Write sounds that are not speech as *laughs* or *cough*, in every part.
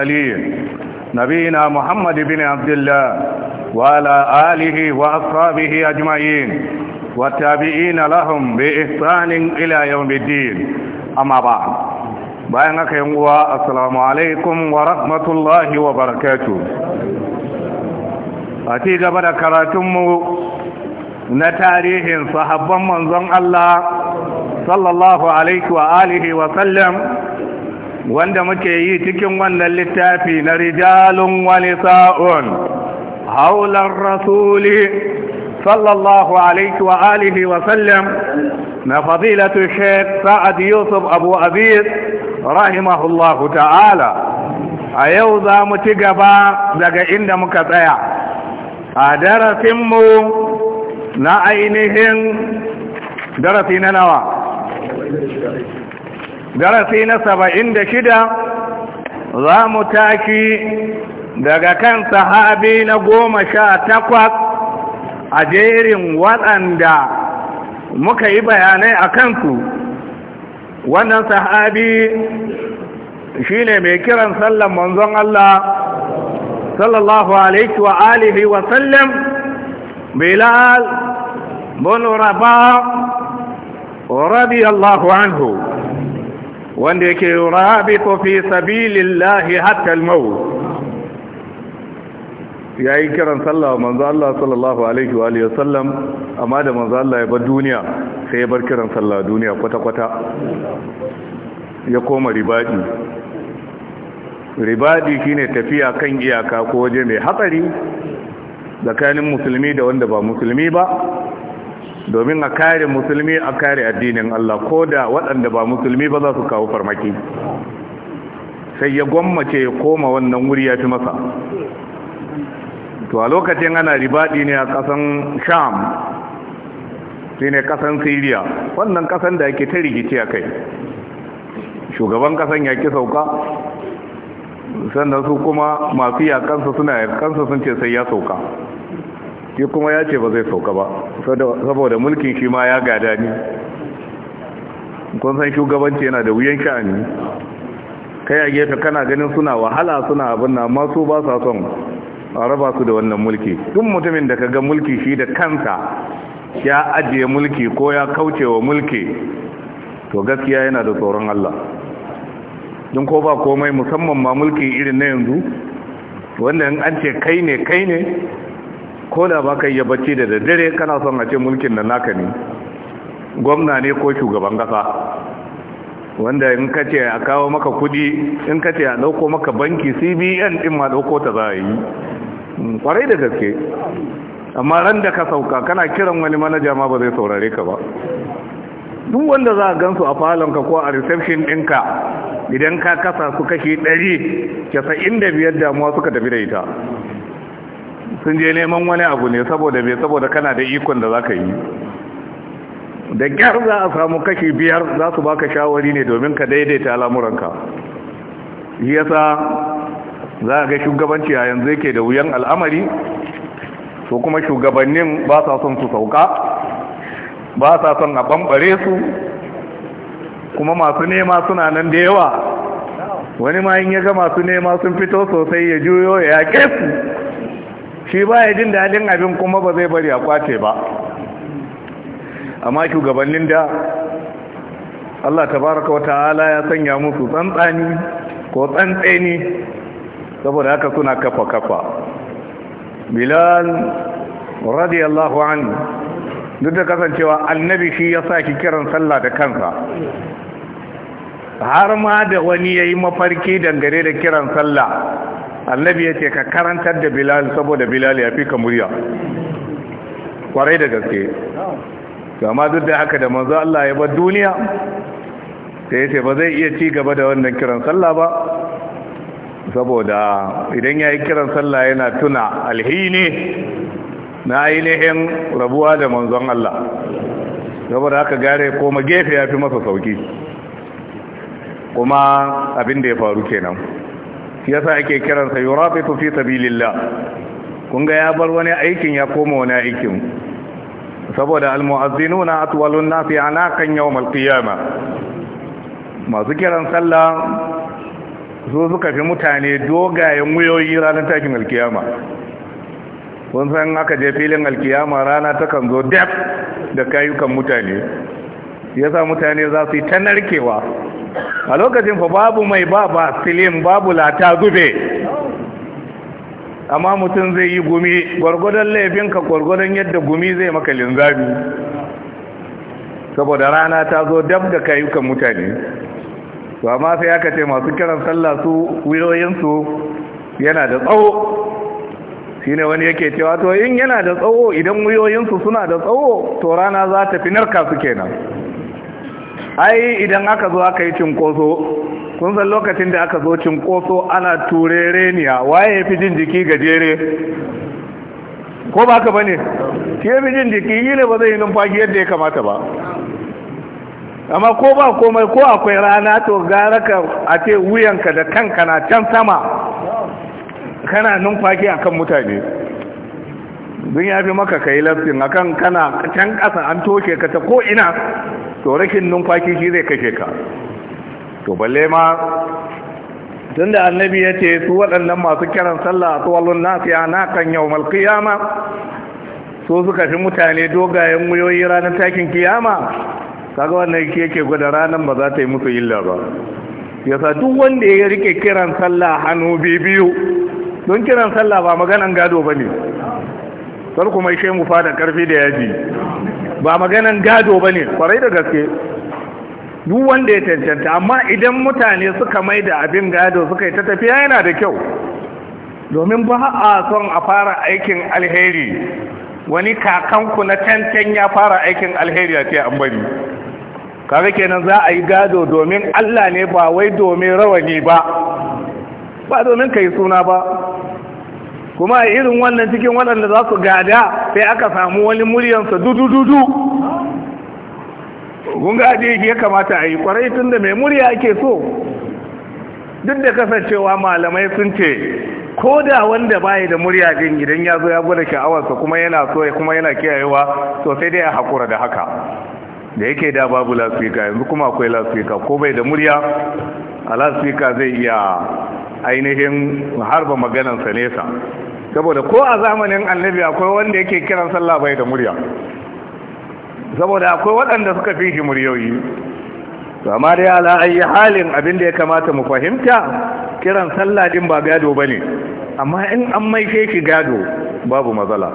علي نبينا محمد بن عبد الله وعلى آله وأصحابه أجمعين والتابعين لهم بإحسان إلى يوم الدين أما بعد بأنك يموى السلام عليكم ورحمة الله وبركاته أتيك بدا كراتم نتاريه صحبا منظم الله صلى الله عليه وآله وسلم wanda muke yi cikin wannan littafi na rijalun wani sa'on haular rasuli sallallahu alaihi wa alihi wa sallam na fazilatu sheikh sa'ad yusuf abu aziz rahimahullahu ta'ala a yau za mu ci gaba daga inda muka tsaya a darasinmu na ainihin darasi na nawa darasi na saba'in da shida za mu tashi daga kan sahabi na goma sha takwas a jerin waɗanda muka yi bayanai a kansu wannan sahabi shi ne mai kiran sallan manzon Allah sallallahu alaihi wa alihi wa sallam bilal bin rabah radiyallahu anhu wanda yake rabitu fi sabilillahi hatta al Ya yi kiran sallah manzo Allah sallallahu alaihi wa alihi Sallam. amma da manzo Allah ya bar duniya sai ya bar kiran sallah duniya kwata kwata ya koma ribadi ribadi shine tafiya kan iyaka ko waje mai hatsari tsakanin musulmi da wanda ba musulmi ba domin a kare musulmi a kare addinin Allah ko da waɗanda ba musulmi ba za su kawo farmaki sai ya gwammace ya koma wannan wuri ya fi masa to a lokacin ana ribaɗi ne a ƙasan sham shi ne ƙasan siriya wannan ƙasan da ake ta rikici a kai shugaban ƙasan ya ki sauka sannan su kuma masu yakansu suna yakansu sun ce sai ya sauka shi kuma ya ce ba zai sauka ba saboda mulkin shi ma ya gada ni kun san shugabanci yana da wuyan sha'ani kai a gefe kana ganin suna wahala suna abin na masu ba sa son a raba su da wannan mulki tun mutumin da ka ga mulki shi da kansa ya ajiye mulki ko ya kauce wa mulki to gaskiya yana da tsoron Allah don ko ba komai musamman ma mulki irin na yanzu wanda an ce kai ne kai ne ko da ba ka iya bacci da daddare kana son a ce mulkin da naka ne gwamna ne ko shugaban kasa wanda in ka ce a kawo maka kudi in ka ce a dauko maka banki cbn din ma dauko ta za a yi kwarai da gaske amma ran da ka sauka kana kiran wani manaja ma ba zai saurare ka ba duk wanda za a gansu a falonka ko a reception ɗinka idan ka kasa su kashi ɗari casa'in da biyar damuwa suka tafi da ita sun je neman wani abu ne saboda bai saboda kana da ikon da za ka yi da gyar za a samu kashi biyar za su baka shawari ne domin ka daidaita al'amuranka yasa za a ga shugabanci a yanzu yake da wuyan al'amari so kuma shugabannin ba sa son su sauka ba sa son a bambare su kuma masu nema suna nan da yawa wani ma in ya ga masu nema sun fito sosai ya juyo ya yake su shi ba ya jin daɗin abin kuma ba zai bari a kwace ba amma shugabannin da Allah tabaraka wa ta'ala ya sanya musu tsantsani ko tsantseni saboda haka suna kafa kafa bilal radiyallahu anhu duk da kasancewa annabi shi ya sa kiran sallah da kansa har ma da wani ya yi mafarki dangane da kiran sallah annabi ya ce ka karantar da bilal saboda bilal ya fi ka murya kwarai da gaske gama duk da haka da manzo Allah ya bar duniya sai ya ce ba zai iya ci gaba da wannan kiran sallah ba saboda idan ya yi kiran sallah yana tuna alhini na ainihin rabuwa da manzon Allah saboda haka gare koma gefe ya fi masa sauki kuma abin da ya faru kenan sa ake kiransa yurafitu fi sabilillah kun ga ya bar wani aikin ya koma wani aikin saboda almu'azzinuna atwalun nasi anaqan yawmal qiyama masu kiran sallah su suka fi mutane dogayen wuyoyi ranar takin alkiyama kun san aka je filin alkiyama rana ta kan zo dab da kayukan mutane yasa mutane za su yi ta narkewa a lokacin fa babu mai ba ba silin babu lata zube amma mutum zai yi gumi gwargwadon laifinka gwargwadon yadda gumi zai maka linzami saboda rana ta zo dab da kayukan mutane to amma sai aka ce masu kiran sallah su wuyoyinsu yana da tsawo Shi ne wani yake cewa to in yana da tsawo idan wuyoyinsu suna da tsawo to rana za ta fi narka su kenan ai idan aka zo aka yi cinkoso kun san lokacin da aka zo cinkoso ana turereniya waye fi jin jiki gajere ko ba ka bane ke fi jin jiki yi ba zai yi numfagi yadda ya kamata ba amma ko ba komai ko akwai rana to gara ka a ce wuyanka da kanka na can sama kana numfaki akan mutane zun ya fi maka ka yi lafsin kan kana can ƙasa an toshe ka ta ko ina to rashin numfashi shi zai kashe ka to balle ma tun da annabi ya ce su waɗannan masu kiran sallah a tsawalin nasu ya na kan yau malkiyama so suka fi mutane dogayen wuyoyi ranar takin kiyama kaga wannan yake gwada ranar ba za ta yi musu illa ba sa duk wanda ya rike kiran sallah hannu biyu don kiran sallah ba maganan gado ba ne sarku mai shemu fada karfi da yaji ba maganan gado ba ne kwarai da gaske duk wanda ya cancanta amma idan mutane suka mai da abin gado suka yi ta tafiya yana da kyau domin ba a son a fara aikin alheri wani kakanku na cancan ya fara aikin alheri a ce an bari kare kenan za a yi gado domin Allah ne ba wai domin rawani ba ba domin ka yi suna ba kuma a irin wannan cikin waɗanda za su gada sai aka samu wani muryansa dudududu gunga aji ya kamata a yi kwarai tun da mai murya ake so duk da kasancewa malamai sun ce ko da wanda baya da murya din idan ya zo ya gwada sha'awarsa kuma yana so kuma yana kiyayewa to sai dai a haƙura da haka da yake da babu lasfika yanzu kuma akwai lasfika ko bai da murya a lasfika zai iya ainihin harba maganansa nesa saboda ko a zamanin annabi akwai wanda yake kiran sallah bai da murya saboda akwai waɗanda suka fi shi muryoyi amma dai ala ayi halin abin da ya kamata mu fahimta kiran sallah din ba gado bane amma in an mai shi gado babu matsala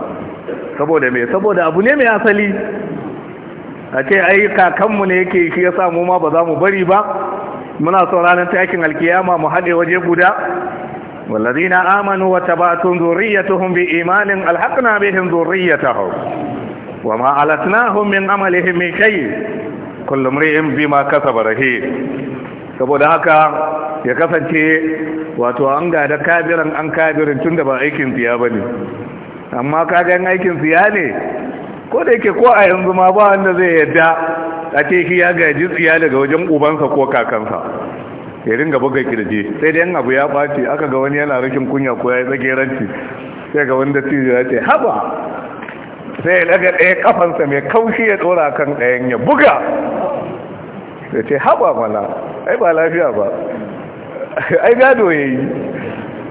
saboda me saboda abu ne mai asali a ce ai kakanmu ne yake shi ya samu ma ba za mu bari ba muna son ranar takin alkiyama mu haɗe waje guda wallazi na amanu wata ba tun zuriyatuhun bi imanin alhaƙina bihin zuriyatahu wa ma'alatina hun min amalihin mai kai kullum ri'in bi ma kasa barahi saboda haka ya kasance wato anga ga da kabirin an kabirin tun ba aikin siya ba ne amma kagayen aikin siya ne ko da yake ko a yanzu ma ba wanda zai yarda? a ce shi ya gaji tsiya daga wajen ubansa ko kakansa ya ringa buga kirji sai dai abu ya ɓaci aka ga wani yana rikin kunya ko ya yi tsageranci sai ga wanda tijo ya ce haba sai ya daga ɗaya kafansa mai kaushi ya tsora kan ɗayan ya buga ya ce haba mana ai ba lafiya ba ai gado ya yi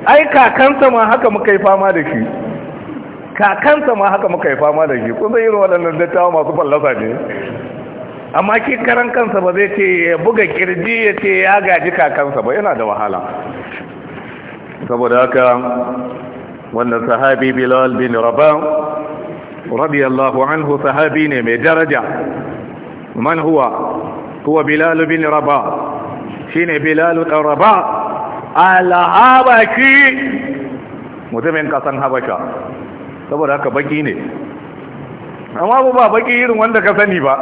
ai kakansa ma haka muka yi fama da shi kakansa ma haka muka yi fama da shi kun zai yi waɗannan dattawa masu fallasa ne amma ki karan kansa ba zai ce ya buga kirji ya ce ya gaji kakansa ba yana da wahala saboda haka wannan sahabi bilal bin rabah radiyallahu anhu sahabi ne mai daraja man huwa huwa bilal bin rabah shine bilal dan rabah al mutumin kasan habasha saboda haka baki ne amma ba baki irin wanda ka sani ba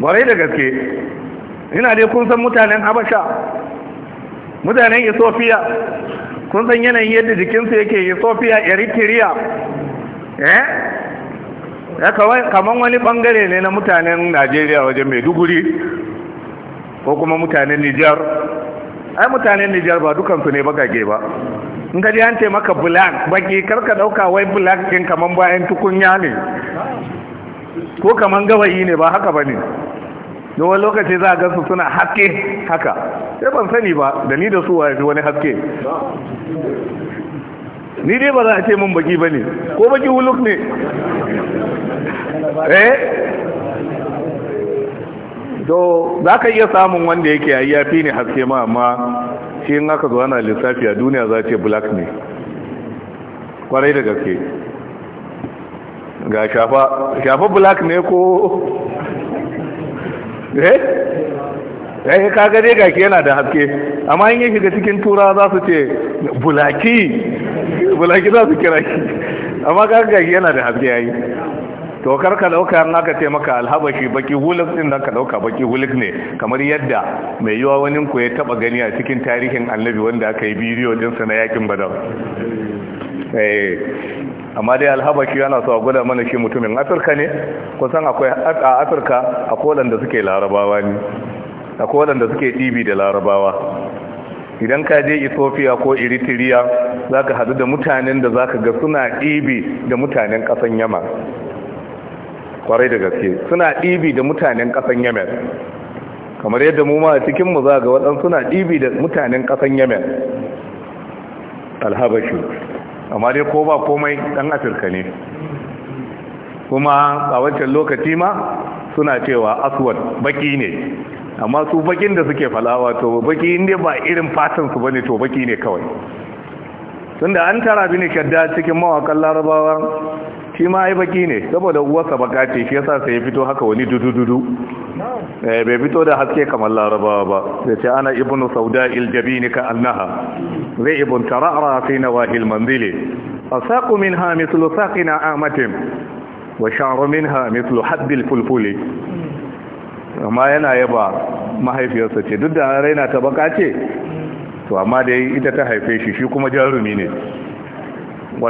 gwarai da gaske ina dai kun san mutanen habasha mutanen ethiopia kun san yanayin yadda jikinsu yake ethiopia eritrea eh ya kamar wani bangare ne na mutanen najeriya wajen maiduguri ko kuma mutanen nijar ai mutanen nijar ba dukansu ne bagage ba in ka ji an ce maka black baki karka dauka wai black din kamar bayan tukunya ne ko kaman gawayi ne ba haka ba ne wani lokaci za a su suna haske haka sai ban sani ba da ni da su wafi wani haske ni dai ba za a ce mun baki ba ne ko baki huluk ne eh to za ka iya samun wanda yake a yafi ne haske ma amma shi in aka zo ana lissafi a duniya za a ce black ne kwarai da gaske ga shafa shafa black ne ko eh eh kaga dai gaki yana da haske amma in ya shiga cikin tura za su ce bulaki bulaki za su kira shi amma kaga gaki yana da haske yayi to kar ka dauka an aka ce maka alhabashi baki hulik din nan ka dauka baki hulik ne kamar yadda mai yiwa wani ku ya taba gani a cikin tarihin annabi wanda aka yi bidiyo din sa na yakin badar Eh, amma dai alhabashi yana so a gwada mana shi mutumin afirka ne kusan akwai a afirka a kolan da suke larabawa ne a kolan da suke ɗibi da larabawa idan ka je ethiopia ko eritrea za ka hadu da mutanen da za ka ga suna ɗibi da mutanen ƙasan yamma kwarai da gaske suna ɗibi da mutanen ƙasan yamen kamar yadda mu ma a cikinmu za ga waɗansu suna ɗibi da mutanen ƙasan yamen alhabashi amma dai ko ba komai dan afirka ne kuma a wancan lokaci ma suna cewa aswad baki ne amma su bakin da suke falawa to baki inda ba irin fatan su bane to baki ne kawai tunda an tara ne shadda cikin mawakan larabawa shi ma ai baki ne saboda uwarsa baka ce shi yasa sai ya fito haka wani dudu-dudu eh bai fito da haske kamar larabawa ba sai ce ana ibnu sauda'il jabini ka annaha zai ibn tara'ra fi nawahil manzili asaqu minha mithlu saqina amatin wa sha'ru minha mithlu haddil fulfuli amma yana yaba mahaifiyarsa ce duk da raina ta baka ce to amma dai ita ta haife shi shi kuma jarumi ne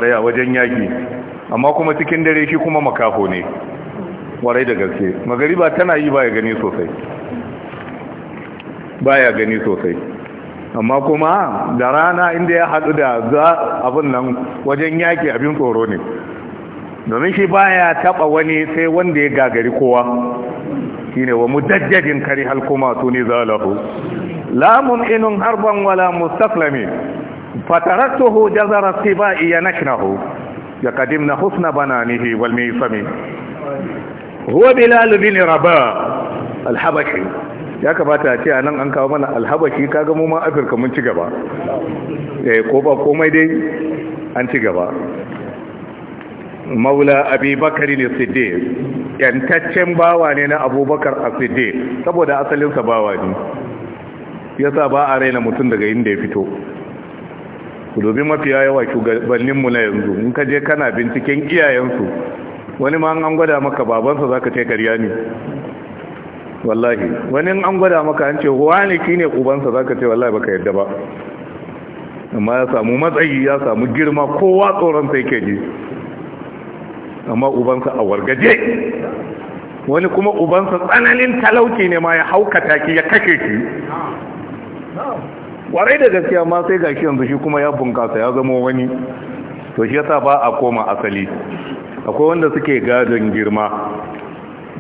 ya wajen yaki amma kuma cikin dare shi kuma makaho ne warai da gaske magariba tana yi baya gani sosai baya gani sosai amma kuma da rana inda ya haɗu da za abin nan wajen yaƙi abin tsoro ne domin shi baya taɓa wani sai wanda ya gagari kowa Shi ne wa dajjajin kari halkuma su ne zalahu lamun inun harban wala mustaqlami fataraktuhu jazara iya nashinahu ya na husna bana nihi wal sami. huwa bilal bin rabah al alhabashi. ya kamata ce a nan an kawo mana alhabashi ka gamo ma afirka mun ci gaba ko ba komai dai an ci gaba maula abubakar ne sidde yantaccen bawa ne na abubakar a sidde saboda asalinsa bawa ne sa ba a raina mutum daga inda ya fito ku dubi mafiya yawa shugabanninmu na yanzu in ka je kana binciken iyayensu wani ma an gwada maka babansa za ka ce karya ne wallahi wani an gwada maka an ce wani ki ne ubansa za ka ce wallahi baka yadda ba amma ya samu matsayi ya samu girma kowa tsoron sai ke ji amma ubansa a wargaje wani kuma ubansa tsananin talauci ne ma ya haukata ki ya kashe ki kwarai da gaskiya ma sai gashi yanzu shi kuma ya bunkasa ya zama wani to shi yasa ba a koma asali akwai wanda suke gadon girma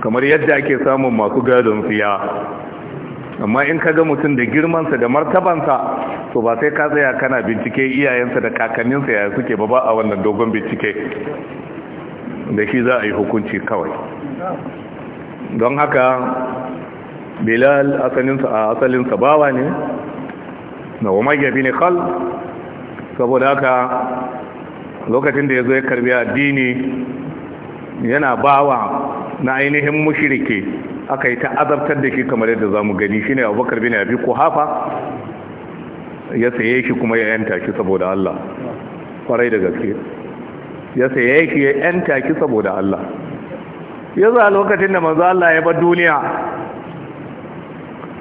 kamar yadda ake samun masu gadon siya amma in ka ga mutum da girmansa da martabansa to ba sai ka tsaya kana bincike iyayensa da kakanninsa yaya suke ba ba a wannan dogon bincike da shi za a yi hukunci kawai don haka bilal asalinsa a asalinsa bawa ne na umayya bin khal saboda haka lokacin da ya zo ya karbi addini yana bawa na ainihin mushirike aka yi ta azabtar da shi kamar yadda za mu gani shine abubakar bin abi hafa? ya saye shi kuma ya yanta shi saboda Allah kwarai da gaske ya saye shi ya yanta shi saboda Allah ya za lokacin da manzo Allah ya bar duniya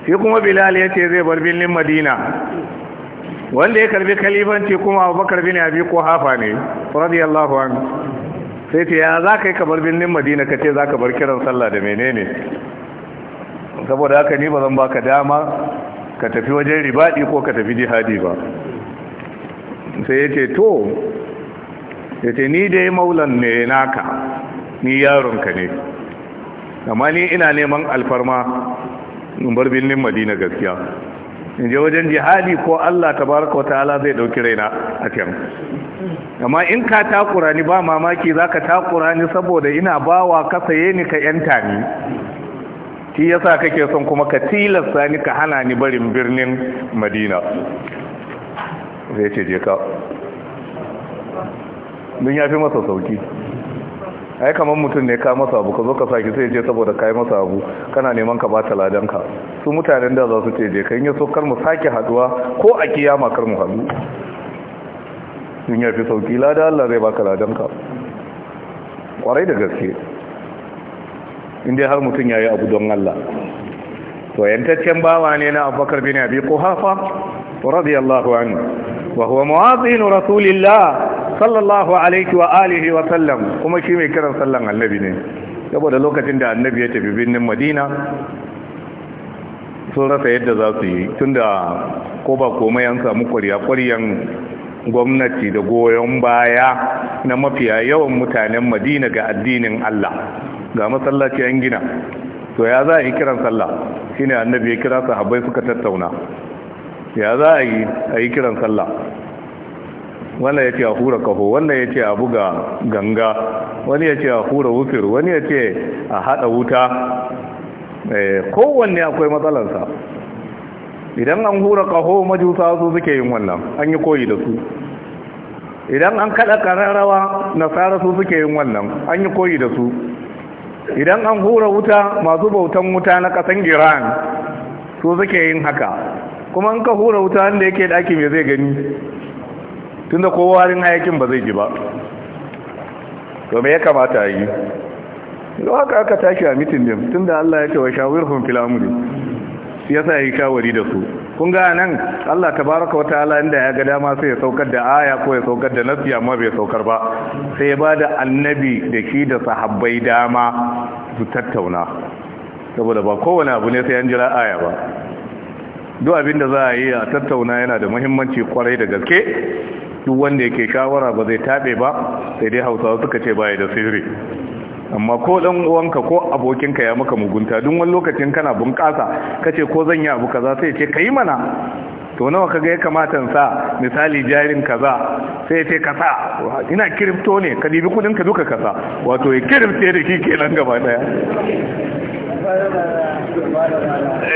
shi kuma bilal ya ce zai bar birnin madina wanda ya karbi kalifanci kuma abubakar bin abi ko hafa ne radiyallahu an. sai ce ya za ka yi kabar birnin madina ka ce za ka bar kiran sallah da menene saboda haka ni ba zan ba ka dama ka tafi wajen ribadi ko ka tafi jihadi ba sai ya ce to ya ce ni dai maulan ne naka ni yaronka ne amma ni ina neman alfarma bar birnin madina gaskiya in je wajen jihadi ko Allah ta tabaraka wata'ala zai dauki raina a can amma in ka takura ni ba mamaki za ka takura ni saboda ina bawa ka saye ni ka yanta ni shi yasa kake son kuma ka tilasta ni ka hana ni barin birnin Madina zai ce je ka don ya fi masa sauki ai kamar mutum ne ka masa abu ka zo ka saki sai ce saboda kai masa abu kana neman ka bata ladan ka su mutanen da za su ce je kan so kar mu sake haduwa ko a kiyama kar mu hadu in fi sauki lada Allah zai baka ladan ka kwarai da gaske inda har mutum yayi abu don Allah to yantaccen bawa ne na Abubakar bin Abi Quhafa رضي الله عنه وهو مواطن رسول الله صلى الله عليه وآله وسلم كما شي مي كران صلى النبي ne saboda lokacin da annabi ya tafi birnin Madina sun rasa yadda za su yi tunda ko ba komai an samu kwariya-kwariyan gwamnati da goyon baya na mafiya yawan mutanen Madina ga addinin Allah ga masallaci an gina to ya za a yi kiran sallah shine annabi ya kira sahabbai suka tattauna ya za a yi a yi kiran sallah wannan ya ce a hura kaho wannan ya ce a buga ganga wani ya ce a hura wufir wani ya ce a haɗa wuta eh, kowanne akwai matsalansa idan an hura kaho majusa su suke yin wannan an yi koyi da su idan an kada kararrawa nasara su suke yin wannan an yi koyi da su idan an hura wuta masu bautan wuta na kasan iran su suke yin haka kuma an ka hura wuta wanda yake daki me zai gani tun da kowa harin hayakin ba zai ji ba to mai ya kamata yi da haka aka tashi a mitin din da Allah ya ce wa shawirhum fil amri sa ya yi shawari da su kun ga nan Allah ta tabaraka ala inda ya ga dama sai ya saukar da aya ko ya saukar da nasi amma bai saukar ba sai ya ba da annabi da shi da sahabbai dama su tattauna saboda ba kowane abu ne sai an jira aya ba duk abin da za a yi a tattauna yana da muhimmanci kwarai da gaske duk wanda yake shawara ba zai taɓe ba sai dai hausawa suka ce baya da sirri amma ko dan uwanka ko abokinka ya maka mugunta duk wani lokacin kana bunƙasa kace ko zan yi abu kaza sai ce kai mana to nawa kaga ya kamata sa misali jarin kaza sai ce kasa ina kirifto ne ka dibi kudin ka duka kasa wato ya kirifte da shi kenan gaba daya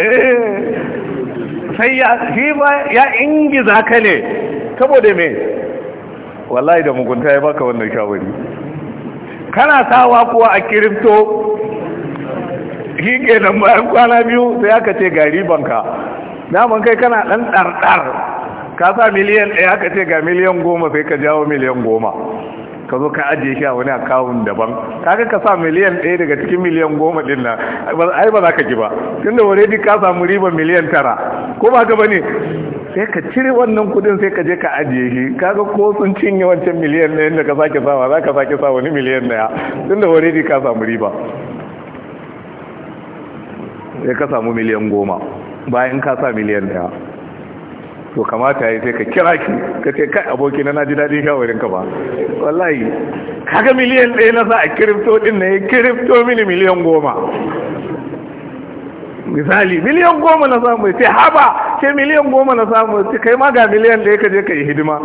Eh. sai ya fi ba ya ingiza ka ne saboda me wallahi da mugunta ya baka wannan shawari kana sawa kuwa a kirimto hige nan bayan kwana biyu sai aka ce ga ribanka daman kai kana ɗan ɗarɗar ka sa miliyan ɗaya aka ce ga miliyan goma sai ka jawo miliyan goma ka zo ka ajiye shi a wani akawun daban kaga ka sa miliyan ɗaya daga cikin miliyan goma ɗin nan ai ba za ka ji ba tunda already ka samu riba miliyan tara ko ba ka bane sai ka cire wannan kudin sai ka je ka ajiye shi kaga ko sun cinye wancan miliyan ɗaya da ka sake sawa za ka sake sa wani miliyan ɗaya tunda already ka samu riba sai ka samu miliyan goma bayan ka sa miliyan ɗaya to kamata ya sai ka kira ki ka ce kai aboki na ji daɗin shawarin ka ba wallahi kaga miliyan ɗaya na sa a kirifto ɗin na ya kirifto mini miliyan goma misali miliyan goma na samu sai haba sai miliyan goma na samu sai kai ma ga miliyan ɗaya ka je ka yi hidima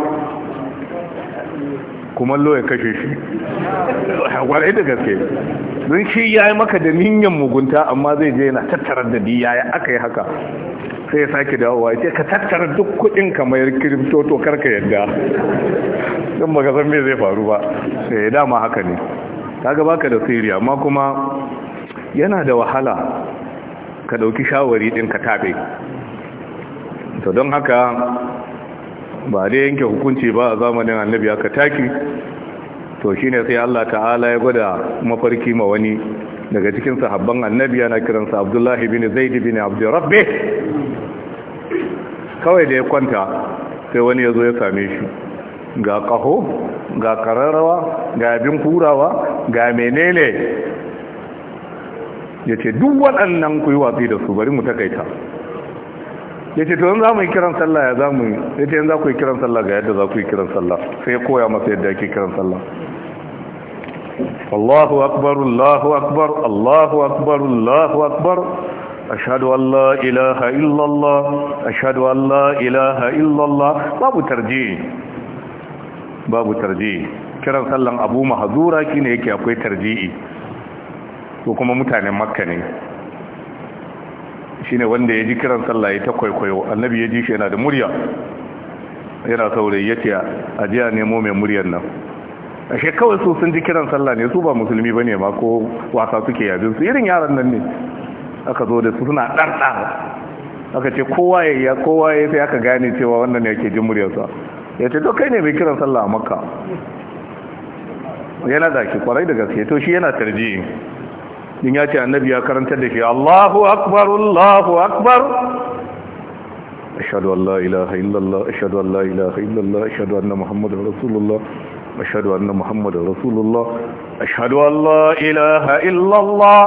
kumallo ya kashe shi warai da gaske don shi ya yi maka da niyan mugunta amma zai je yana tattara da diya ya aka yi haka sai ya sake dawowa ya ce ka tattara duk kudin kamar kirimto to karka yadda don baka san me zai faru ba sai eh, ya dama haka ne ta ka da sirri amma kuma yana da wahala ka ɗauki shawari ɗin ka tabe to don haka ba dai yanke hukunci ba a zamanin annabi aka taki to shi ne sai Allah ta'ala ya gwada mafarki ma wani daga cikin sahabban annabi yana kiransa Abdullahi bin Zaid bin Abd kawai da ya kwanta sai wani ya zo ya same shi ga kaho ga kararrawa ga abin kurawa ga menene ya ce duk waɗannan ku yi watsi da su bari mu takaita ya ce to za mu yi kiran sallah ya za mu yi ya ce za ku yi kiran sallah ga yadda za ku yi kiran sallah sai ya koya masa yadda ake kiran sallah Allahu akbar Allahu akbar Allahu akbar Allahu akbar ashhadu an la ilaha illa Allah ashhadu an la ilaha illa Allah babu tarjihi babu tarji. kiran sallan Abu Mahzura kine yake akwai tarjihi ko kuma mutanen Makka ne shine wanda ya ji kiran sallah ya ta kwaikwayo annabi ya ji shi yana da murya yana saurayi ya ce a jiya nemo mai muryar nan ashe kawai su sun ji kiran sallah ne su ba musulmi ba ne ma ko wasa suke yabin su irin yaran nan ne aka zo da su suna ɗanɗa aka ce kowa ya yi kowa ya sai aka gane cewa wannan ne yake jin muryarsa ya ce to ne mai kiran sallah a makka yana da ke kwarai da gaske to shi yana tarjihi din ya ce annabi ya karantar da shi Allahu akbar Allahu akbar ashhadu an la ilaha illallah ashhadu an la ilaha illallah ashhadu anna muhammadar rasulullah ashhadu anna muhammadar rasulullah ashhadu an la ilaha illallah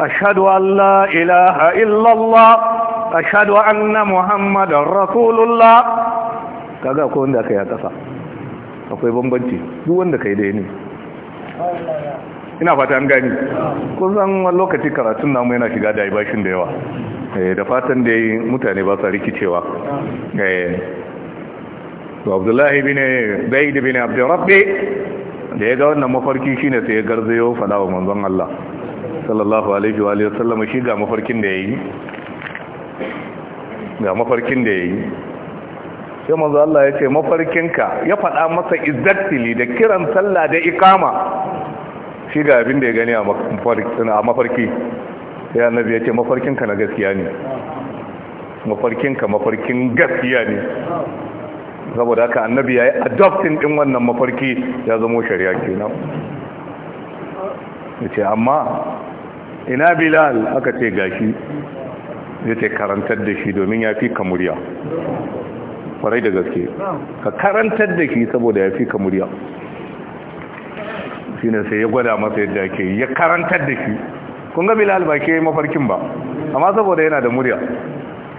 ashhadu an la ilaha illallah ashhadu anna muhammadar rasulullah kaga akwai wanda aka yi a kasa akwai bambanci duk wanda kai dai ne ina fata an gani kun san wani lokaci karatun namu yana shiga da bashin da yawa eh, da fatan da yi mutane ba sa rikicewa eh, to abdullahi bin zaid bin abdurrabbi da ya ga wannan mafarki shine sai ya garzayo fada wa manzon Allah sallallahu alaihi wa sallam shi ga mafarkin da yi ga mafarkin da yi sai manzo Allah ya ce mafarkinka ya faɗa masa izzatili da kiran sallah da ikama shi ga abin da ya gani a mafarki ya annabi ya ce mafarkinka na gaskiya ne mafarkinka mafarkin gaskiya ne saboda haka annabi ya yi adoptin din wannan mafarki ya zamo shari'a nan ya ce amma ina bilal aka ce gashi ya ce karantar da shi domin ya fi kamuriya kwarai da gaske ka karantar da shi saboda ya fi kamuriya ne sai ya gwada masa yadda ake ya karantar da shi kun ga bilal ba ke mafarkin ba amma saboda yana da murya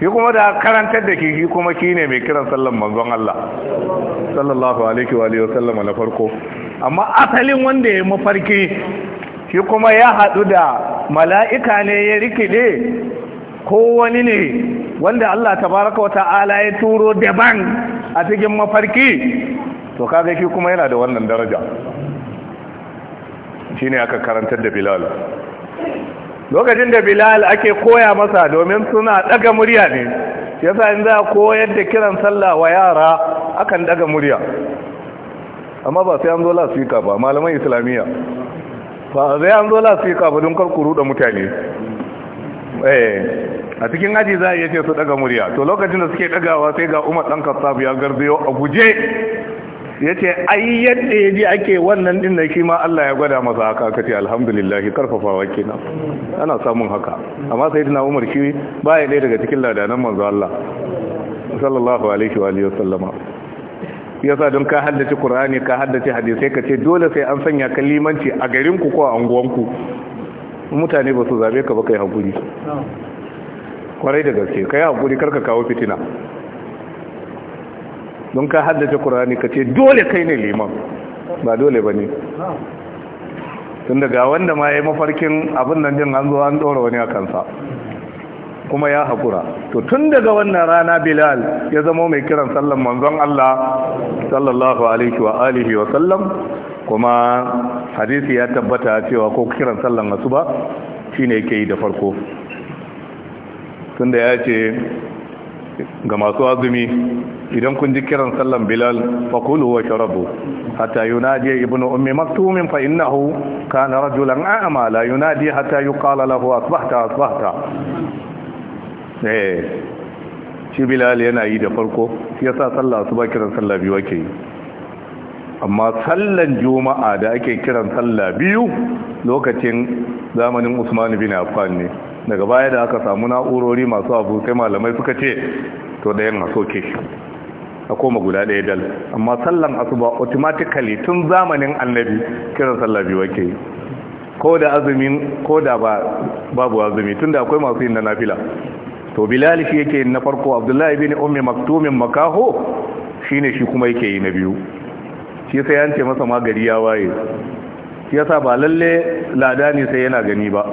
shi kuma da karantar da shi kuma shi ne mai kiran sallan manzon Allah sallallahu alaihi wa sallama na farko amma asalin wanda ya mafarki shi kuma ya haɗu da mala'ika ne ya rikide ko wani ne wanda Allah tabaraka wa ta'ala ya turo daban a cikin mafarki to kaga shi kuma yana da wannan daraja Shi ne aka karantar da bilal lokacin da bilal ake koya masa domin suna daga murya ne sa in za a koyar da kiran sallah wa yara akan daga murya amma ba sai an zo lasfika ba malaman islamiyya ba sai an zo lasfika ba don karkuru da mutane eh, a cikin aji za a iya ce su daga murya to lokacin da suke dagawa sai ga umar dan kassab ya garzayo a guje ya ce ai yadda ya ji ake wannan din da shi ma Allah ya gwada masa haka kace ce alhamdulillah karfafawa kenan ana samun haka amma sai dina umar shi ba ya ɗaya daga cikin ladanan manzo Allah sallallahu alaihi wa alihi wasallama yasa don ka haddace qur'ani ka haddace hadisi ka ce dole sai an sanya kalimanci a garin ku ko a anguwan ku mutane ba su zabe ka ba kai hakuri kwarai da gaske kai hakuri karka kawo fitina don ka haddace ƙur'ani ka ce dole kai ne liman ba dole ba ne tun daga wanda ma ya yi mafarkin abin nan jin an zo an ɗora wani a kansa kuma ya haƙura to tun daga wannan rana bilal ya zama mai kiran sallan manzon Allah sallallahu alaihi wa alihi wa sallam kuma hadisi ya tabbata cewa ko kiran sallan wasu ba shine yake yi da farko tunda ya ce ga masu azumi idan kun ji kiran sallan bilal fakulu wa sharabu hatta yunadi ibnu ummi maktum fa innahu kana rajulan a'ma la yunadi hatta yuqala lahu asbahta asbahta eh shi bilal yana yi da farko shi yasa sallah asuba kiran sallah biyu ake yi amma sallan juma'a da ake kiran sallah biyu lokacin zamanin Usman bin Affan ne daga baya da aka samu na'urori masu abu sai malamai suka ce to da yan a soke shi a koma guda ɗaya dal amma sallan asuba automatically tun zamanin annabi kiran sallah biyu wake ko da azumin ko da ba babu azumi tunda akwai masu yin na nafila to bilal shi yake na farko abdullahi bin ummi maktumin makaho shine shi kuma yake yi na biyu shi sai an ce masa magari ya waye shi yasa ba lalle lada ne sai yana gani ba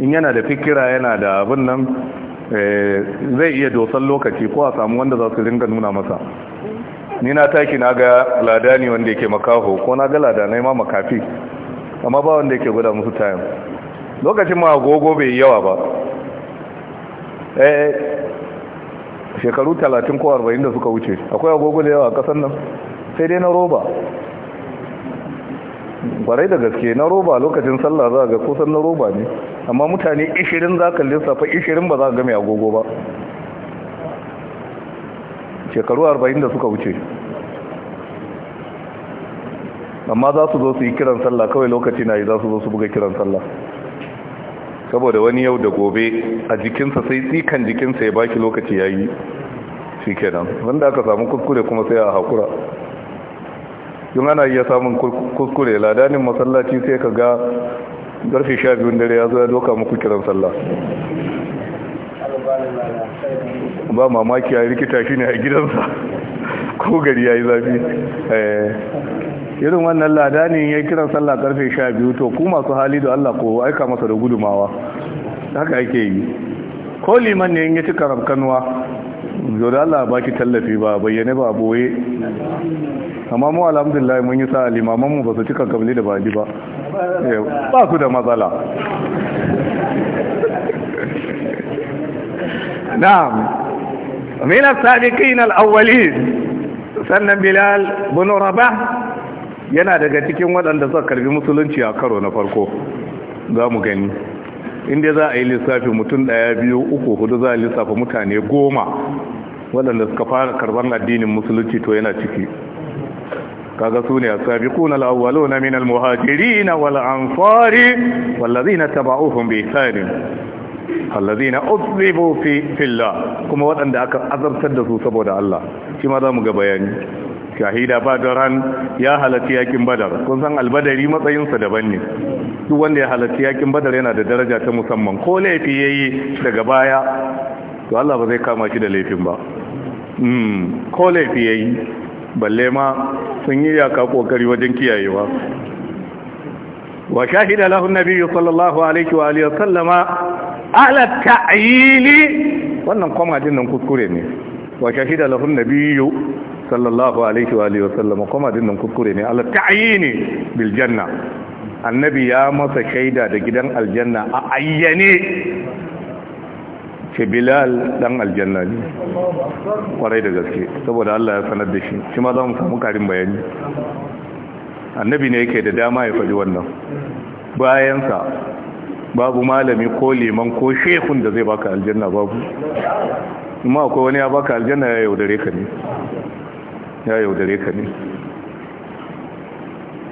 in yana da fikira yana da abin nan Eh, zai iya dosan lokaci ko a samu wanda za su ringa nuna masa ni na taki na ga ladani wanda yake makaho ko na ga ladanai ma makafi amma ba wanda yake guda musu tayan lokacin ma agogo bai yawa ba eh, eh shekaru 30 ko 40 da suka wuce akwai agogo da yawa a kasan nan sai dai na roba barai da gaske na roba lokacin sallah za ga kusan na roba ne amma mutane 20 za ka fa 20 ba za ka game agogo ba shekaru 40 da suka wuce amma za su zo su yi kiran sallah kawai lokaci na yi za su zo su buga kiran sallah saboda wani yau da gobe a jikinsa sai tsikan jikinsa ya baki lokaci ya yi shi kenan wanda aka samu kuskure kuma sai a haƙura Yun ana iya samun kuskure ladanin masallaci sai ka ga garfi sha biyun dare ya zo ya doka muku kiran sallah ba mamaki ya rikita shi ne a gidansa *laughs* ko gari ya yi zafi eh, irin wannan ladanin ya yi kiran sallah karfe sha biyu to ku masu hali da allah ko aika masa da gudumawa haka ake yi ko liman ne in yi cika karamkanwa zo da Allah ba ki tallafi ba bayyane ba boye amma mu alhamdulillah mun yi sa'a limaman mu ba su cika kabli da bali ba ba su da matsala na'am min as-sabiqin al-awwalin sannan bilal bin rabah yana daga cikin waɗanda suka karbi musulunci a karo na farko za mu gani inda za a yi lissafi mutum daya biyu uku hudu za a lissafa mutane goma waɗanda suka fara karban addinin musulunci to yana ciki kaga su ne asabiquna alawwaluna min almuhajirin wal ansari wallazina bai bi ihsan na usibu fi fillah kuma waɗanda aka azabtar da su saboda Allah shi ma mu ga bayani shahida badaran ya halarci yakin badar kun san albadari matsayinsa daban ne duk wanda ya halarci yakin badar yana da daraja ta musamman ko laifi yayi daga baya to Allah ba zai kama shi da laifin ba mm ko laifi yayi balle ma sun yi yaka kokari wajen kiyayewa wa shahida lahu nabi sallallahu alaihi wa alihi sallama ala ta'yili wannan koma din nan kuskure ne wa shahida lahu nabi sallallahu alaihi wa alihi sallam kuma dinnan kukure ne Allah ta'yini bil janna annabi ya masa shaida da gidan aljanna a ayyane ce bilal dan aljanna ne kwarai da gaske saboda Allah ya sanar da shi shi ma za mu samu karin bayani annabi ne yake da dama ya faɗi wannan bayansa babu malami ko liman ko shekun da zai baka aljanna babu amma akwai wani ya baka aljanna ya yaudare ka ne ya yaudare ka ne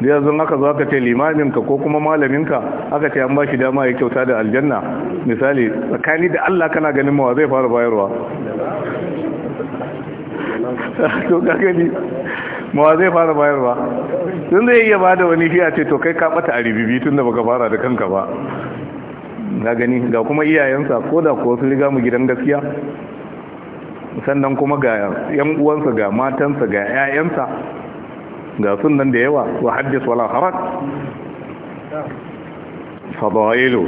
da yanzu haka za ka ce limaminka ko kuma malaminka aka ce an ba shi dama ya kyauta da aljanna misali tsakani da Allah kana ganin mawa zai fara bayarwa *laughs* to kakani mawa zai fara bayarwa tun zai iya bada wani fiya ce to kai ka bata a ribibi tun da baka fara da kanka ba ga gani ga kuma iyayensa ko da kuwa su riga mu gidan gaskiya sannan kuma ga yan uwansa ga matansa ga 'ya'yansa ga sunan da yawa wa haddis wala haraj fadailu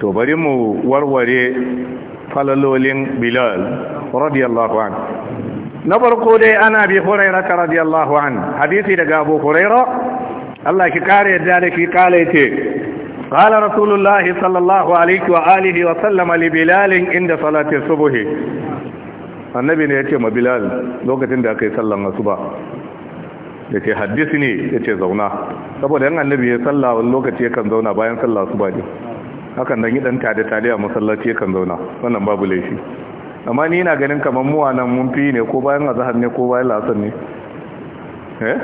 to bari mu warware falalolin bilal radiyallahu an na farko dai ana bi huraira ka radiyallahu an hadisi daga abu huraira Allah ki kare yadda da ki kale ce قال رسول الله صلى الله عليه وآله وسلم لبلال عند صلاة الصبح annabi ne ya ce ma bilal lokacin da aka yi sallan asuba ya ce haddisi ne ya ce zauna saboda yan annabi ya salla wani lokaci yakan zauna bayan sallah asuba ne hakan dan yi dan tada taliya a masallaci yakan zauna wannan babu laifi amma ni ina ganin kamar muwa nan mun fi ne ko bayan azhar ne ko bayan lasar ne eh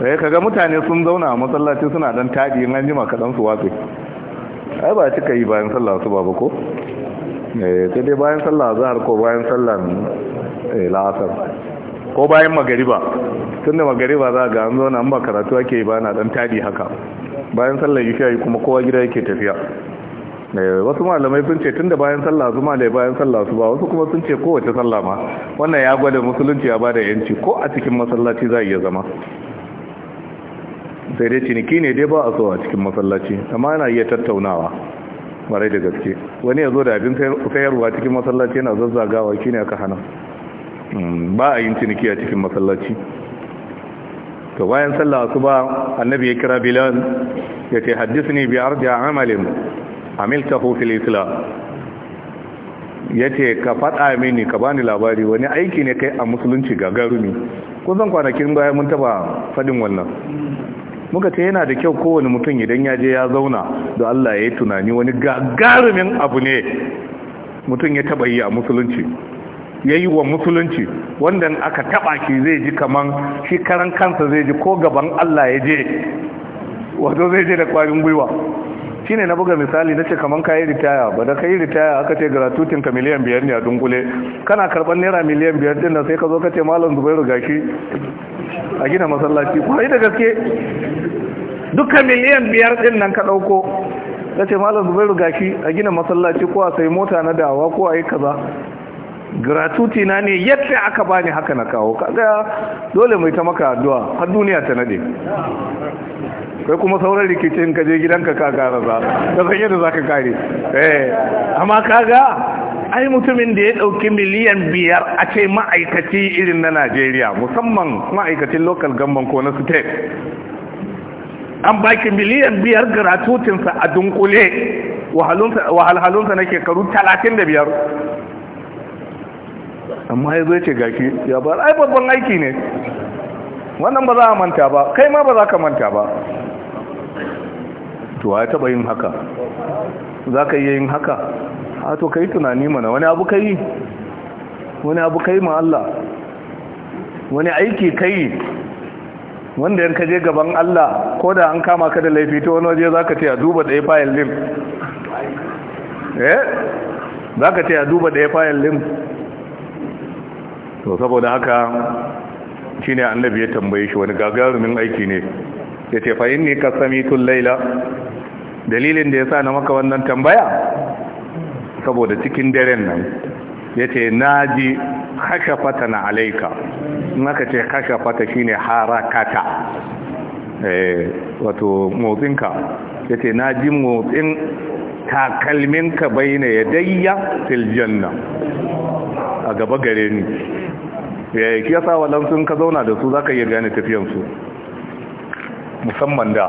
sai eh, kaga mutane sun zauna a masallaci suna dan taɗi in an jima kaɗan su watsi ai ba cika yi bayan sallah su ba ko eh, sai dai bayan sallah zahar ko bayan sallah eh, la'asar ko bayan magariba tun da magariba za ga an zauna an ba karatu ake yi ba na dan taɗi haka bayan sallah yi kuma kowa gida yake tafiya wasu malamai sun ce tun da bayan sallah su malai bayan sallah su ba wasu kuma sun ce kowace sallah ma wannan ya gwada musulunci ya bada yanci ko a cikin masallaci za iya zama sai dai ciniki ne dai ba a so a cikin masallaci amma yana iya tattaunawa marai da gaske wani ya zo da abin sayarwa cikin masallaci yana zazzagawa shi ne aka hana hmm, ba a yin ciniki a cikin masallaci to bayan sallah su ba annabi ya kira bilal ya ce haddisni bi arja amalin amiltahu fil islam ya ka faɗa mini ka bani labari wani aiki ne kai a musulunci gagarumi ko zan kwanakin baya mun taba fadin wannan muka ce yana da kyau kowane mutum idan ya je ya zauna da Allah ya yi tunani wani gagarumin abu ne mutum ya taba yi a musulunci ya yi wa musulunci wanda aka taba shi zai ji kaman shi karan kansa zai ji ko gaban Allah ya je wato zai je da kwarin gwiwa shine na buga misali nace kaman kai ritaya ba da kai ritaya aka ce gratuitin ka miliyan biyar ne a dungule kana karban naira miliyan biyar din nan sai ka zo ka ce malam Zubairu gashi a gina masallaci kwai da gaske duka miliyan biyar din nan ka dauko ce malam Zubairu gashi a gina masallaci ko a sai mota na dawa ko a yi kaza gratuity na ne yadda aka bani haka na kawo kaga dole mai ta maka addu'a har duniya ta nade sai kuma sauran rikicin ka je gidanka ka kara za ka san yadda za ka kare eh amma kaga ai mutumin da ya dauki miliyan biyar a ce ma'aikaci irin na Najeriya musamman ma'aikacin local government ko na state an baki miliyan biyar gratutinsa a dunkule wahalhalunsa na shekaru talatin da biyar amma ya zo ce gaki, ya ba ai babban aiki ne wannan ba za a manta ba kai ma ba za ka manta ba to ya taba yin haka za ka iya yin haka a to ka yi tunani mana wani abu ka yi wani abu ka yi ma Allah wani aiki ka yi wanda yanka je gaban Allah ko da an kama ka da laifi ta wani waje za ka ce a duba ɗaya fayil lim eh za ka duba ɗaya fayil lim to saboda haka shi ne annabi ya tambaye shi wani gagarumin aiki ne ya ce ne ka sami tun laila dalilin da ya sa na maka wannan tambaya saboda cikin daren nan ya ce na ji fata na alaika ka ce fata shi shine harakata eh, wato motsinka ya ce na ji motsin takalmin bai na ya dayya filjanna a gaba gare ni eh, ya ki yasa waɗansu ka zauna da su za ka iya gane tafiyansu musamman da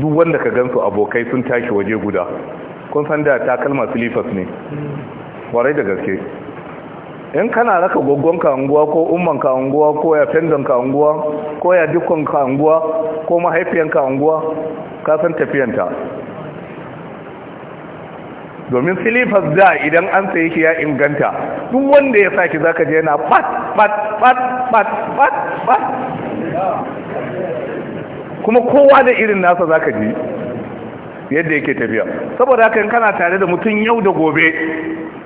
duk wanda ka gansu abokai sun tashi waje guda kun san da takalma silifas ne warai da gaske in kana raka gwaggon ka anguwa ko umman ka anguwa ko ya fendon ka anguwa ko ya dukkan ka anguwa ko mahaifiyan ka anguwa ka san tafiyanta domin silifas da idan an sayi shi ya inganta duk wanda ya saki zaka je yana pat pat pat pat pat pat kuma kowa da irin nasa zaka ji yadda yake tafiya saboda haka kana tare da mutum yau da gobe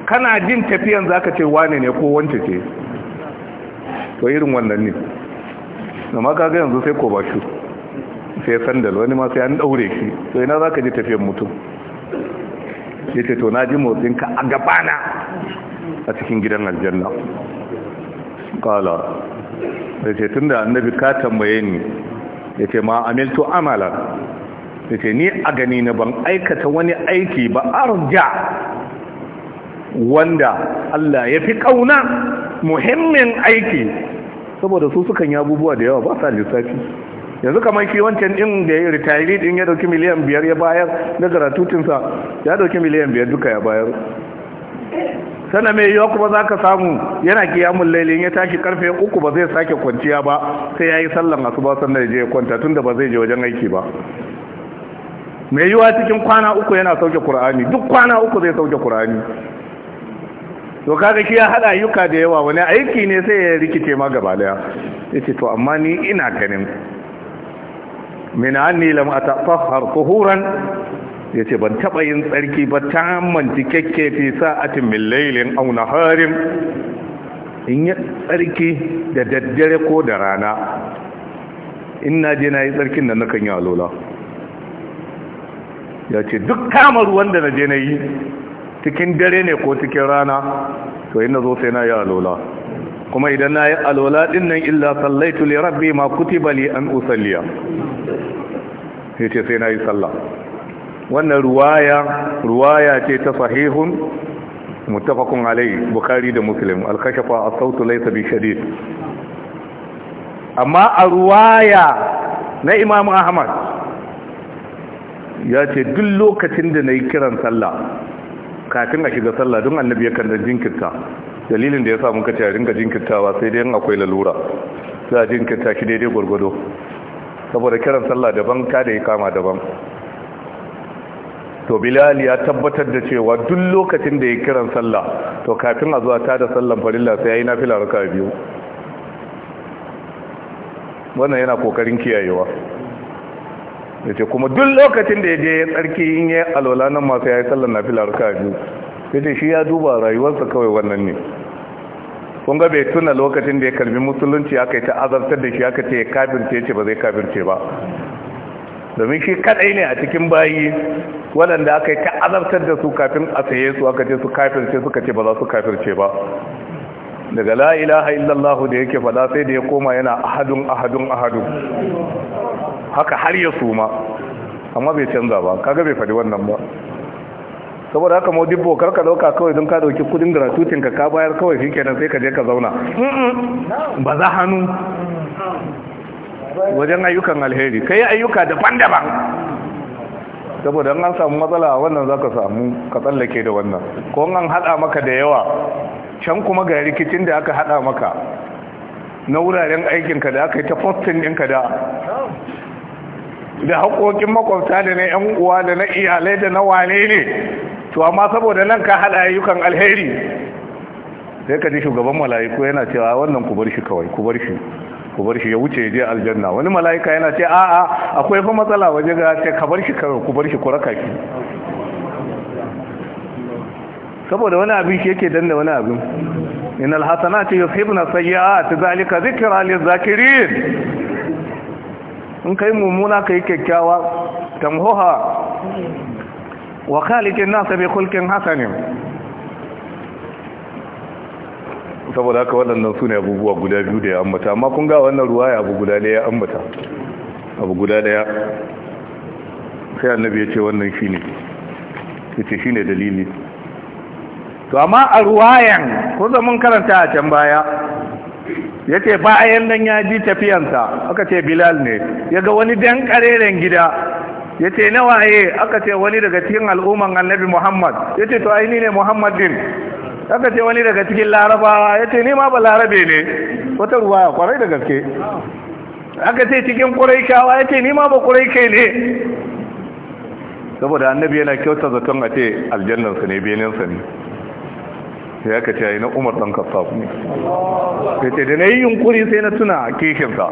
kana jin tafiyan zaka ce wane ne ko wance ce to irin wannan ne amma kaga yanzu sai ko ba shi sai sandal wani ma sai an daure shi to ina zaka ji tafiyan mutum yace to na ji motsin ka a gabana a cikin gidan aljanna kala sai ce tunda annabi ka tambaye ni ya ce ma amiltu Amala ya ce ni a gani na ban aikata wani aiki ba arja wanda Allah ya fi ƙauna muhimmin aiki saboda su sukan yi abubuwa da yawa ba sa lissafi yanzu kamar shi wancan din da ya ritayiri ya dauki miliyan biyar ya bayar na garatutinsa ya ɗauki miliyan biyar duka ya bayar sana mai yiwa kuma za ka samu yana kiyamun lailin ya tashi karfe uku ba zai sake kwanciya ba sai ya yi sallan asuba sannan je kwanta tun da ba zai je wajen aiki ba mai yiwa cikin kwana uku yana sauke kur'ani duk kwana uku zai sauke kur'ani to kaga shi ya hada ayyuka da yawa wani aiki ne sai ya rikice ma gaba daya yace to amma ni ina ganin min anni lam atafahhar tuhuran ya ce ban taɓa yin tsarki ba ta manci kyakkyafi sa'atin min lailin auna harin. in yi tsarki da daddare ko da rana in na je na yi tsarkin da nakan yi alola ya ce duk kamar wanda na je na yi cikin dare ne ko cikin rana to na zo sai na yi alola kuma idan na yi alola din nan illa sallaitu lirabbi rabbi ma kuti bali an usalliya ya ce sai na yi sallah wannan ruwaya ruwaya ce ta sahihun mutafakun alai bukhari da muslim al a sautu laisa bi shadid amma a ruwaya na imam ahmad ya ce duk lokacin da na yi kiran sallah kafin a shiga sallah don annabi yakan da jinkirta dalilin da ya sa muka ce a ringa jinkirtawa sai dai akwai lalura za a jinkirta shi daidai gwargwado saboda kiran sallah daban ka da ya kama daban to bilal ya tabbatar da cewa duk lokacin da ya kiran sallah to kafin a zuwa ta da sallan farilla sai ya yi nafila raka biyu wannan yana kokarin kiyayewa ya ce kuma duk lokacin da ya je ya tsarki in yi alwala nan masu ya yi sallan nafila raka biyu ya ce shi ya duba rayuwarsa kawai wannan ne kun ga bai tuna lokacin da ya karbi musulunci aka yi ta azabtar da shi aka ce ya kafirce ce ba zai kafirce ba domin shi kadai ne a cikin bayi waɗanda aka yi ta azabtar da su kafin a saye su aka ce su kafirce suka ce ba za su kafirce ba daga la ilaha illallah da yake faɗa sai da ya koma yana ahadun ahadun ahadun haka har ya suma amma bai canza ba kaga bai faɗi wannan ba saboda haka modibbo karka dauka kawai don ka dauki kudin gratuitin ka ka bayar kawai shi kenan sai ka je ka zauna ba za hannu wajen ayyukan alheri ka yi ayyuka daban-daban saboda an samu matsala wannan za ka samu ka tsallake da wannan ko an haɗa maka da yawa can kuma ga rikicin da aka haɗa maka na wuraren aikinka da aka yi ta postin ɗinka da da haƙoƙin makwabta da na 'yan uwa da na iyalai da na wane ne to amma saboda nan ka haɗa ayyukan alheri sai ka ji shugaban mala'iku yana cewa wannan ku bar shi kawai ku bar shi ku bar shi ya wuce je aljanna wani mala'ika yana ce a akwai fa matsala waje ga ce ka bar shi ku bar shi ku raka shi saboda wani abin shi yake danna wani abin in alhasanati yusibna sayyi'at zalika zikra lizakirin in kai mummuna kai kyakkyawa tamhoha wa khaliqin nas bi khulqin hasanin saboda haka waɗannan su ne abubuwa guda biyu da ya ambata amma kun ga wannan ruwa ya abu guda ɗaya ambata abu guda ɗaya sai annabi ya ce wannan shi ne ya ce shi ne dalili to amma a ruwayan ko mun karanta a can baya ya ce bayan nan ya ji tafiyansa aka ce bilal ne ya ga wani dan ƙareren gida ya ce nawaye aka ce wani daga cikin al'umman annabi muhammad ya ce to aini ne muhammad din aka ce wani daga cikin larabawa ya ce ma ba larabe ne wata ruwa kwarai da gaske aka ce cikin kuraikawa ya ce ma ba kuraikai ne saboda annabi yana kyauta zaton a ce aljannansa ne beninsa ne sai aka ce na umar ɗan kasa ne ya ce da na yi yunkuri sai na tuna kishinsa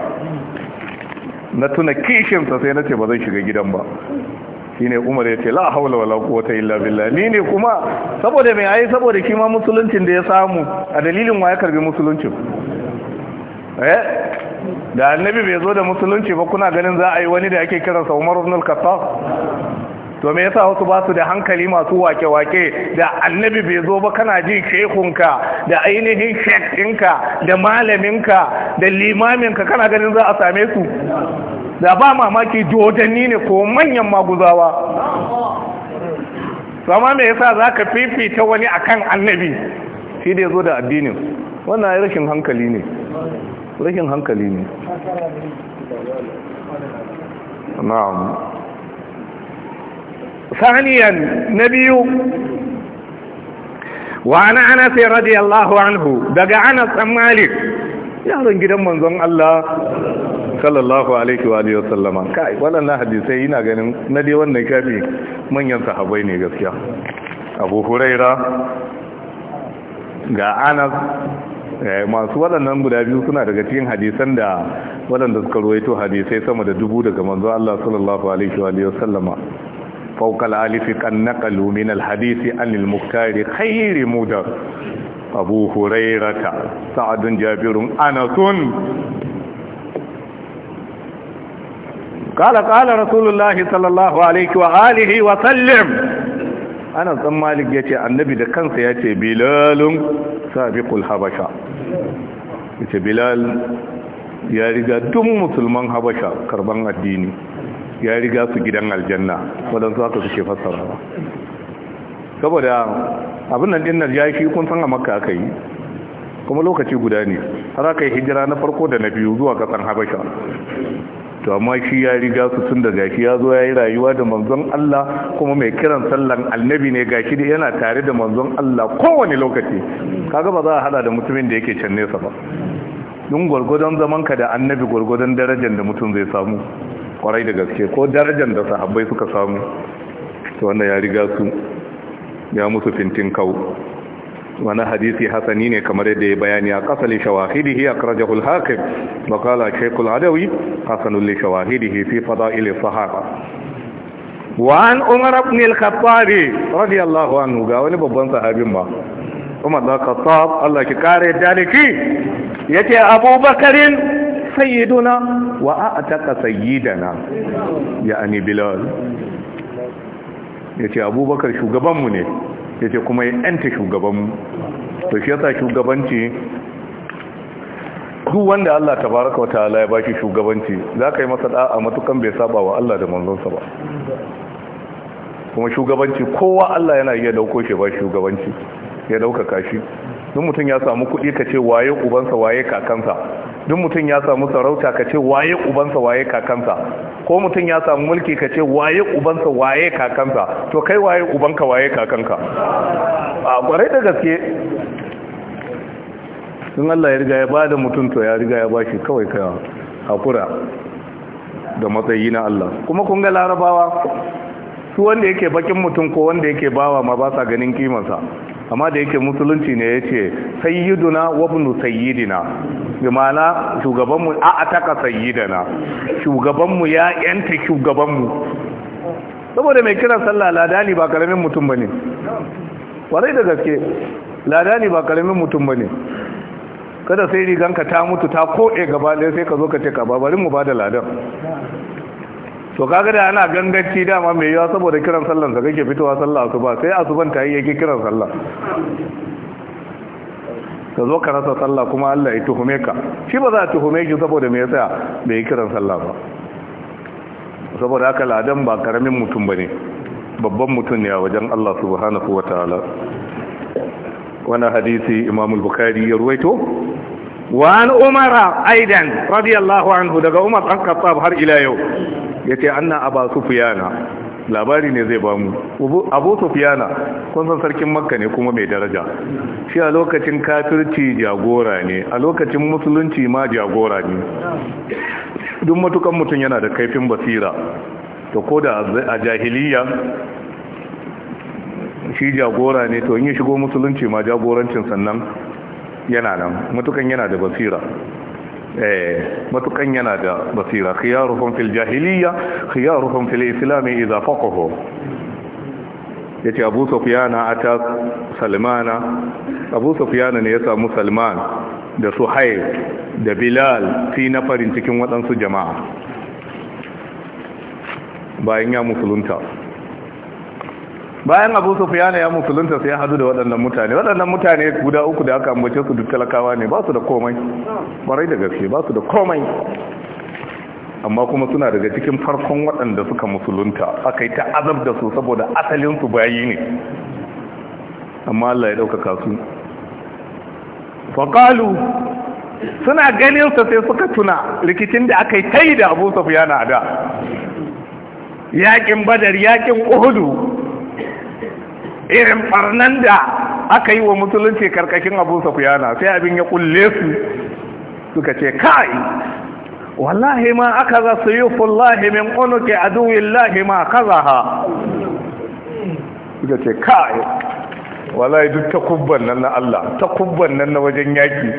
na tuna kishinsa sai na ce ba zai shiga gidan ba shine Umar ya ce la haula wala quwwata illa billah ni ne kuma saboda mai ayi saboda kima musuluncin da ya samu a dalilin wa ya karbi musuluncin eh da annabi bai zo da musulunci ba kuna ganin za a yi wani da ake kiransa Umar ibn al-Khattab to me yasa wasu ba su da hankali masu wake-wake da annabi bai zo ba kana ji shekunka, da ainihin shek ɗinka da malaminka da limaminka kana ganin za a same su da ba mamaki dodanni ne ko manyan maguzawa sama mai yasa za ka fifita wani akan annabi shi da zo da addinin wannan rashin hankali ne rashin hankali ne na'am saniyan na biyu wa ana ana sai radiyallahu anhu daga ana yaron gidan manzon Allah sallallahu alaihi wa alihi wasallama kai wannan hadisai ina ganin na dai wannan kafi manyan sahabbai ne gaskiya Abu Huraira ga Anas eh, masu waɗannan guda biyu suna daga cikin hadisan da wadanda suka ruwaito hadisai sama da dubu daga manzo Allah sallallahu alaihi wa alihi wasallama alif kan naqalu min alhadisi anil عن المختار mudar Abu أبو هريرة sa'adun جابر Anasun. Kala kala رسول الله صلى الله عليه وآله وسلم أنا ثم مالك يتي النبي ده كان سيأتي بلال سابق الحبشة يتي بلال يا رجال دم مسلمان حبشة كربان الديني ya riga su gidan aljanna waɗansu haka suke fassara ba saboda abin nan dinnar ya shi kun san a makka aka yi kuma lokaci guda ne har aka yi hijira na farko da na biyu zuwa kasan habasha to amma shi ya riga su tun da gashi ya zo ya yi rayuwa da manzon Allah kuma mai kiran sallan annabi ne gashi da yana tare da manzon Allah kowane lokaci kaga ba za a hada da mutumin da yake can nesa ba don zaman ka da annabi gwargwadon darajar da mutum zai samu kwarai da gaske ko darajar da sahabbai suka samu to wannan ya riga su ya musu fintin kau. wani hadisi hasani ne kamar yadda ya bayani a kasali shawahidihi a karajahul hakim wa kala shekul adawi hasanun li shawahidihi fi fada'il sahaba wa an umar ibn al-khattab radiyallahu anhu ga wani babban sahabin ba umar da khattab Allah ki kare daliki yace abubakarin sayyiduna wa a'taqa sayyidana ya ani bilal yace abubakar shugaban mu ne ya ce kuma ya yanta shugabanmu to shi yasa shugabanci duk wanda Allah ta wata wataala ya bashi shugabanci za ka yi masa da'a matukan bai saba wa Allah da manzonsa ba kuma shugabanci kowa Allah yana iya dauko shi ba shugabanci ya dauka kashi duk mutum ya samu kuɗi ka ce waye ubansa waye kakansa duk mutum ya samu sarauta ka ce waye ubansa waye kakansa ko mutum ya samu mulki ka ce waye ubansa waye kakansa to kai waye ubanka waye kakanka a kwarai da gaske sun Allah ya riga ya bada mutum to ya riga ya bashi kawai ka hakura da matsayi na Allah kuma kun ga larabawa su wanda yake bakin mutum ko wanda yake bawa ma ba sa ganin kimansa amma da yake musulunci ne ce sayyiduna wa ibn sayyidina bi ma'ana shugaban mu a ataka sayyidana Shugabanmu ya yanta shugabanmu. saboda mai kiran sallah ladani ba karamin mutum bane kwarai da gaske ladani ba karamin mutum bane kada sai riganka ta mutu ta koɗe gaba ɗaya sai ka zo ka ce ka babarin mu ba da ladan to kaga da ana ganganci dama mai yawa saboda kiran sallan sa kake fitowa sallah su ba sai asuban ta yi yake kiran sallah ka zo ka rasa sallah kuma Allah ya tuhume ka shi ba za a tuhume ki saboda me yasa bai yi kiran sallah ba saboda haka ladan ba karamin mutum bane babban mutum ne a wajen Allah subhanahu wataala wannan hadisi Imam al-Bukhari ya ruwaito wa an Umar aidan radiyallahu anhu daga Umar an Khattab har ila yau ya ce an na aba sufiyana labari ne zai bamu abu sufiyana kun san sarkin makka ne kuma mai daraja shi a lokacin kafirci jagora ne a lokacin musulunci ma jagora ne duk matukan mutum yana da kaifin basira to ko da a jahiliya shi jagora ne to in shigo musulunci ma jagorancin sannan yana nan matukan yana da basira Eh, matukan yana da basira khiyaruhum fil jahiliya khiyaruhum fil islam idza faqahu yace Abu Sufyan ata Salmana Abu ne ya samu Salman da Suhaib da Bilal fi nafarin cikin waɗansu jama'a bayan ya musulunta bayan abu sufiyana ya musulunta sai ya hadu da waɗannan mutane waɗannan mutane guda uku da aka ambace su duk talakawa ne ba su da komai barai da gaske ba su da komai amma kuma suna daga cikin farkon waɗanda suka musulunta aka yi ta azab da su saboda asalinsu bayi ne amma Allah ya ɗaukaka su faƙalu suna ganinsa sai suka tuna rikicin da aka yi ta yi da abu sufiyana a da yaƙin badar yaƙin uhudu irin farnan da aka yi wa musulunci karkashin abu sufiyana sai abin ya kulle su suka ce kai wallahi ma aka za su yi fullahi min unuke lahi ma kaza ha suka ce kai wallahi duk takubban nan na Allah takubban nan na wajen yaki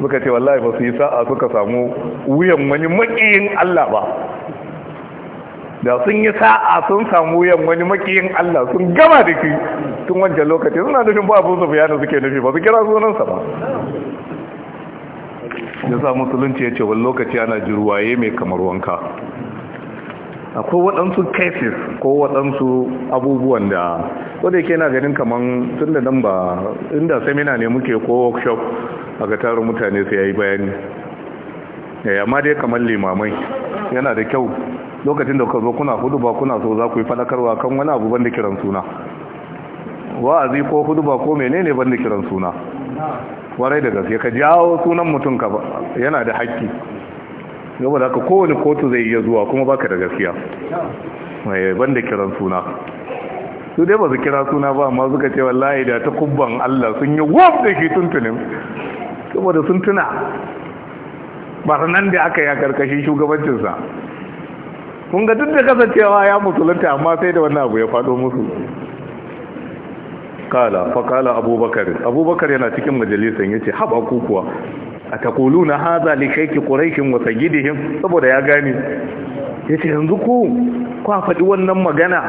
suka ce wallahi ba su yi sa'a suka samu wuyan wani makiyin Allah ba da sun yi sa'a sun samu yan wani makiyin Allah sun gama da shi tun wancan lokaci suna nufin ba abin zafi yana suke nufi ba su kira sunansa ba ya sa musulunci ya ce wani lokaci ana jirwaye mai kamar wanka akwai waɗansu cases ko waɗansu abubuwan da wadda yake na ganin kamar tun da nan ba inda semina ne muke ko workshop a ga tarin mutane su ya yi bayani eh, amma dai kamar limamai yana da kyau lokacin da ka zo kuna hudu ba kuna so za ku yi fadakarwa kan wani abu banda kiran suna wa'azi ko hudu ba ko menene banda kiran suna warai da gaske ka jawo sunan mutum ka yana da haƙƙi yau da ka kowane kotu zai iya zuwa kuma baka da gaskiya mai eh, banda kiran suna su dai ba su kira suna ba amma suka ce wallahi da ta kubban Allah sun yi wab da shi tuntunin saboda sun tuna ba nan da aka ya karkashin shugabancinsa kun ga duk da kasancewa ya musulunta amma sai da wannan abu ya faɗo musu kala fakala abubakar abubakar yana cikin majalisar ya ce haɓa kukuwa a takulu na haza likaiki quraish wasa gidihin saboda ya gane yace yanzu ku kwa faɗi wannan magana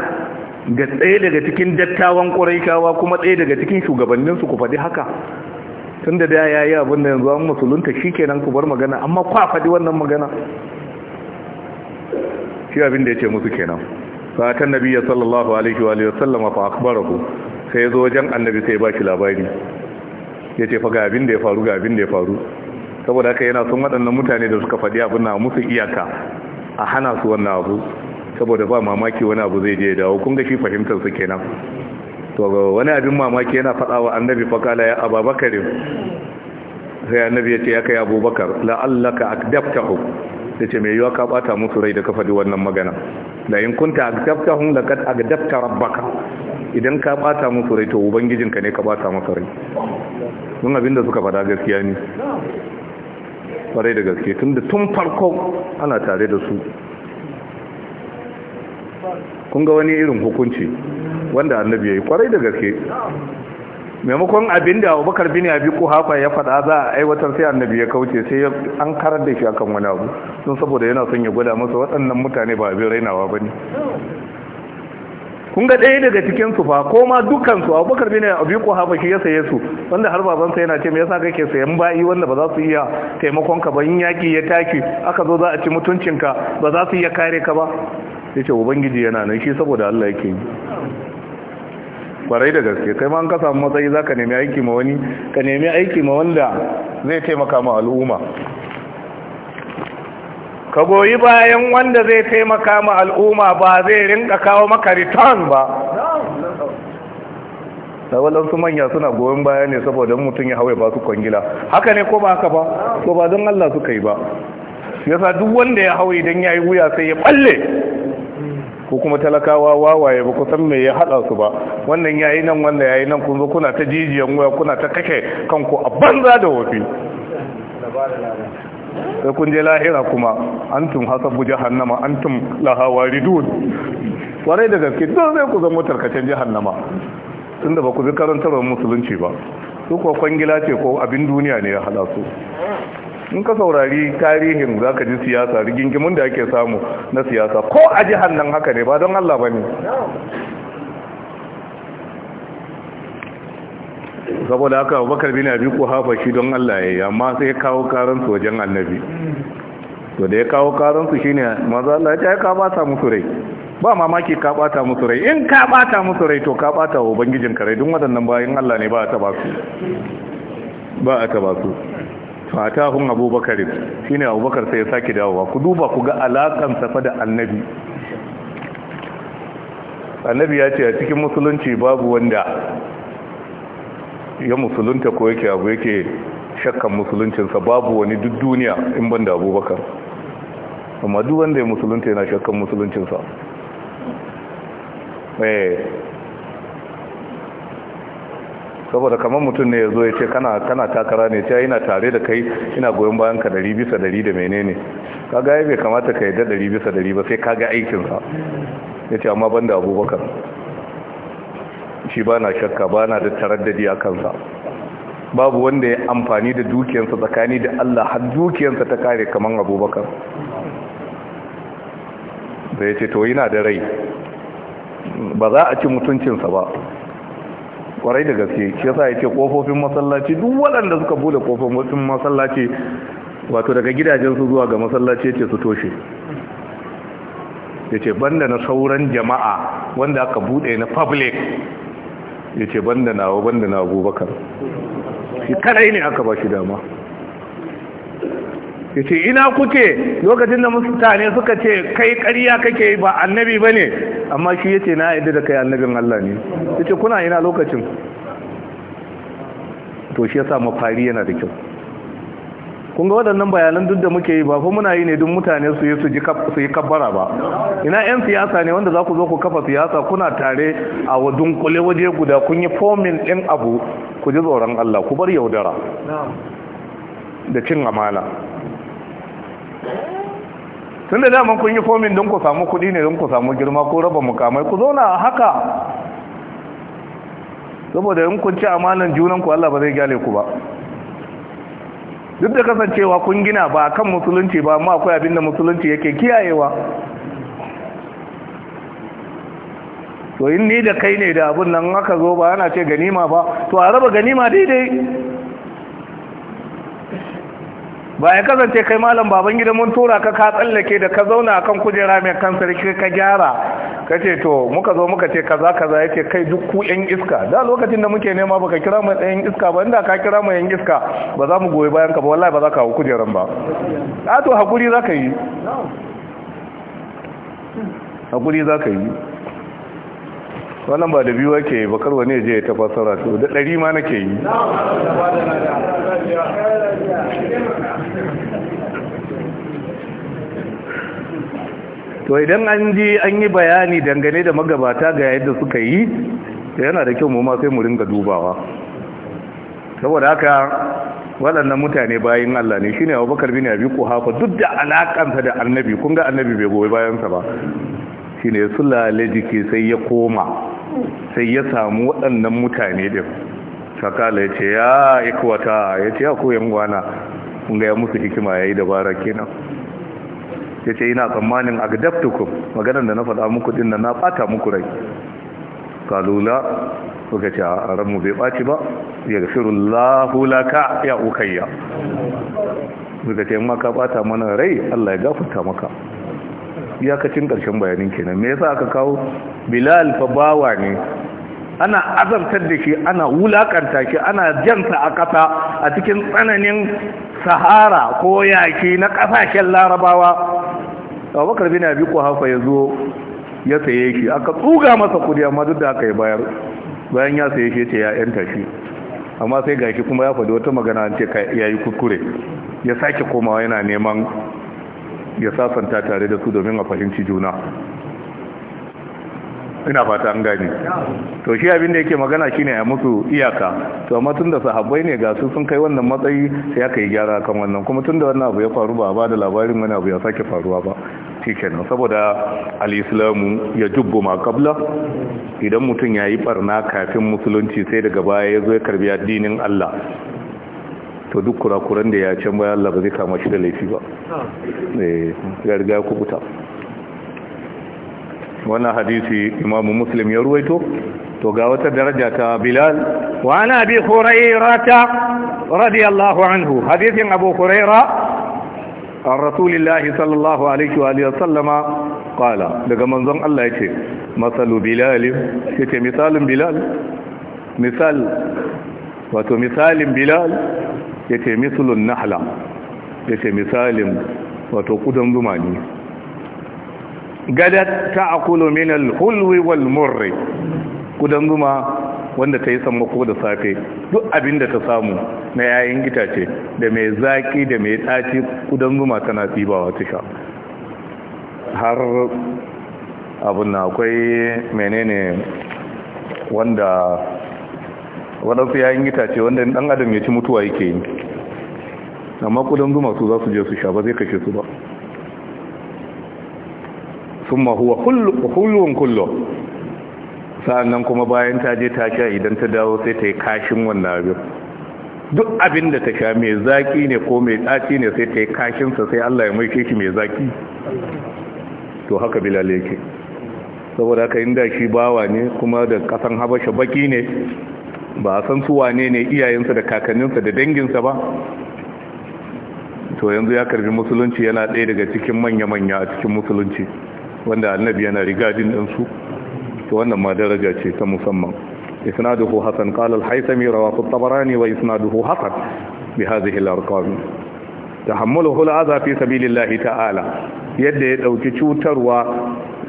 ga tsaye daga cikin dattawan quraishawa kuma tsaye daga cikin shugabanninsu ku faɗi haka tun da yayi abin da yanzu an musulunta shi kenan ku bar magana amma ku faɗi wannan magana shi abin da ya ce musu kenan fatan ya sallallahu alaihi wa sallama fa akbarahu sai ya zo wajen annabi sai ya ba shi labari ya ce fa ga abin da ya faru ga abin da ya faru saboda haka yana son waɗannan mutane da suka faɗi abin na musu iyaka a hana su wannan abu saboda ba mamaki wani abu zai je ya dawo kun ga shi fahimtar su kenan to wani abin mamaki yana faɗa wa annabi kala ya ababakar sai annabi ya ce ya kai abubakar la'allaka akdaftahu Da ce mai yiwa ka bata musu rai da ka faɗi wannan magana da yin kunta agdaftahum a agdafta rabbaka idan ka bata musu rai to ubangijinka ne ka bata musu rai abin da suka faɗa gaskiya ne kwarai da gaske tun da tun farko ana tare da su kun ga wani irin hukunci wanda annabi ya yi kwarai da gaske maimakon abin da abubakar bin abi kuhafa ya fada za a aiwatar sai annabi ya kauce sai an karar da shi akan wani abu don saboda yana son ya gwada masa waɗannan mutane ba abin rainawa ba ne kun ga ɗaya daga cikin su fa ko ma dukkan su abubakar bin abi kuhafa shi ya saye su wanda har baban sa yana ce me yasa kake sayan bayi wanda ba za su iya taimakon ka ba in yaki ya taki aka zo za a ci mutuncinka ba za su iya kare ka ba yace ubangiji yana nan shi saboda Allah yake yi kwarai da gaske kai ma an ka samu matsayi za ka nemi aiki ma wani ka nemi aiki ma wanda zai taimaka ma al'umma ka goyi bayan wanda zai taimaka ma al'umma ba zai rinka kawo maka return ba saboda su manya suna goyon baya ne saboda mutum ya hawa ba su kwangila haka ne ko ba haka ba ko ba don Allah suka yi ba yasa duk wanda ya hawa idan ya yi wuya sai ya balle ko kuma talakawa wawaye ba kusan me ya haɗa su ba wannan yayi nan wannan yayi nan kun zo kuna ta jijiyan waya kuna ta kake kanku a banza da wofi sai kun je lahira kuma antum hasabu jahannama antum laha waridun warai da gaske don zai ku zama tarkacen jahannama tunda ba ku bi karantarwar musulunci ba su kuwa kwangila ce ko abin duniya ne ya hada su in ka saurari tarihin za ka ji siyasa rigingimin da ake samu na siyasa ko a jihar nan haka ne ba don Allah ba ne saboda haka bakar bin abi ku hafa shi don Allah ya yi amma sai kawo karansu wajen annabi to da ya kawo karansu ne, maza Allah ya ka bata musu rai ba mamaki ka bata musu rai in ka bata musu rai to ka bata wa ubangijin kare don waɗannan bayan Allah ne ba a taba su ba a taba su fatahun atahum abubakar ne abubakar sai ya sake dawowa ku duba ku ga alakansa safa da annabi annabi ya ce a cikin musulunci babu wanda ya musulunta ko yake abu yake shakkan musuluncinsa babu wani duk duniya in banda abubakar amma duk wanda ya musulunta yana shakkan musuluncinsa eh saboda kamar mutum ne ya zo ya ce kana kana takara ne ta yana tare da kai ina goyon bayan ka dari bisa dari da menene kaga ya bai kamata ka yadda dari bisa dari ba sai kaga aikinsa ya ce amma banda abubakar shi ba na shakka ba na da taraddadi a kansa babu wanda ya amfani da dukiyansa tsakani da Allah har dukiyarsa ta kare kamar abubakar da ya ce to yana da rai ba za a ci mutuncinsa ba kwarai da gaske shi yasa yace kofofin masallaci duk waɗanda suka bude kofofin masallaci wato daga gidajen su zuwa ga masallaci yake su toshe yace banda na sauran jama'a wanda aka bude na public yace banda nawo banda na Abubakar shi kadai ne aka ba shi dama Yace ina kuke lokacin da mutane suka ce kai ƙarya kake ba annabi ba ne amma shi ya na yadda da kai annabin Allah ne Yace kuna ina lokacin to shi ya sa mafari yana da kyau kun ga waɗannan bayanan duk da muke yi ba fa muna yi ne duk mutane su yi su yi kabbara ba ina yan siyasa ne wanda za ku zo ku kafa siyasa kuna tare a wadun kule waje guda kun yi fomin ɗin abu ku ji tsoron Allah ku bar yaudara da cin amana tun da daman kun yi fomin don ku samu kuɗi ne don ku samu girma ko raba mukamai ku zauna a haka saboda in kun ci amanan junanku Allah ba zai gyale ku ba duk da kasancewa kun gina ba kan musulunci ba amma akwai abin da musulunci yake kiyayewa to in ni da kai ne da abin nan aka zo ba ana ce ganima ba to a raba ganima daidai ba ya kasance kai malam baban gida mun tura ka ka tsallake da ka zauna akan kujera mai kan sarki ka gyara ka ce to muka zo muka ce kaza kaza yace kai duk ku yan iska da lokacin da muke nema baka kira mu yan iska ba inda ka kira mu yan iska ba za mu goyi bayan ka ba wallahi ba za ka hawo kujeran ba a to hakuri za ka yi hakuri za ka yi wannan ba da biyu ake yi bakar wani je ta fasara to da ɗari ma nake yi to idan an ji an yi bayani dangane da magabata ga yadda suka yi yana da kyau mu ma sai mu ringa dubawa saboda haka waɗannan mutane bayin Allah ne shine Abubakar bin Abi Quhafa duk da alakansa da Annabi kun ga Annabi bai goyi bayansa ba shine ya sulale jiki sai ya koma sai ya samu waɗannan mutane ɗin. sakala ya ce ya ikwata ya ce ya koyan gwana ga ya musu hikima ya yi dabara kenan ya ce ina tsammanin gadaftukun maganar da na faɗa muku ɗin na ɓata muku rai kalula suka ce a ranmu bai ɓaci ba ya lahula ka, ya ukayya suka ce maka ɓata mana rai Allah ya gafarta maka iyakacin ƙarshen bayanin kenan me yasa aka kawo bilal fa bawa ne ana azartar da shi ana wulakanta shi ana jansa a ƙasa a cikin tsananin sahara ko yaki na ƙasashen larabawa abubakar bin abi kuhafa ya zo ya saye shi aka tsuga masa kudi amma duk da aka yi bayar bayan ya saye shi ce ya yanta shi amma sai gashi kuma ya faɗi wata magana an ce ya yi kuskure ya sake komawa yana neman ya sasanta tare da su domin a fahimci juna ina fata an gani to shi abin da yake magana shine ya musu iyaka to amma tunda sahabbai ne ga su sun kai wannan matsayi sai aka yi gyara kan wannan kuma tunda wannan abu ya faru ba ba da labarin wani abu ya sake faruwa ba shikenan saboda al ya jubbu ma qabla idan mutum yayi barna kafin musulunci sai daga baya ya zo ya karbi addinin Allah to duk kurakuran da ya can bayan Allah ba zai kama shi da laifi ba gargaya eh, riga kubuta wannan hadisi imamu muslim ya ruwaito to ga wata daraja ta bilal wa ana bi ta radiyallahu anhu hadisin abu khurayra an rasulillahi sallallahu alaihi wa sallama kala daga manzon Allah ya ce Masalu bilal ya ce misalin bilal misal wato misalin bilal ya ce misalin nahla ya ce misalin wato kudan zuma ne Gada ta akulu minal hulwi wal murri kudan zuma wanda ta yi sammako da safe duk abin da ta samu na yayin itace da mai zaki da mai ɗaci kudan zuma tana tsibawa cika. har abin na akwai menene wanda waɗansu yayin itace wanda ɗan adam ya ci mutuwa yake yi amma ƙudan zuma su za su je su sha ba zai kashe su ba sun mahuwa hulun kullum. sa'an nan kuma bayan ta je ta sha idan ta dawo sai ta yi kashin wannan abin duk abin da ta sha mai zaki ne ko mai ɗaci ne sai ta yi kashinsa sai Allah ya mai shi mai zaki to haka bilal yake saboda haka inda shi bawa ne kuma da kasan habasha baki ne ba a san su wanene ne iyayensa da kakanninsa da danginsa ba to yanzu ya karbi musulunci yana ɗaya daga cikin manya-manya a cikin musulunci wanda annabi yana rigadin ɗinsu to wannan ma daraja ce ta musamman isnaduhu hasan qala al-haythami rawahu at-tabarani wa isnaduhu hasan bi hadhihi al-arqam hula al-adha fi sabilillahi ta'ala yadda ya ɗauki cutarwa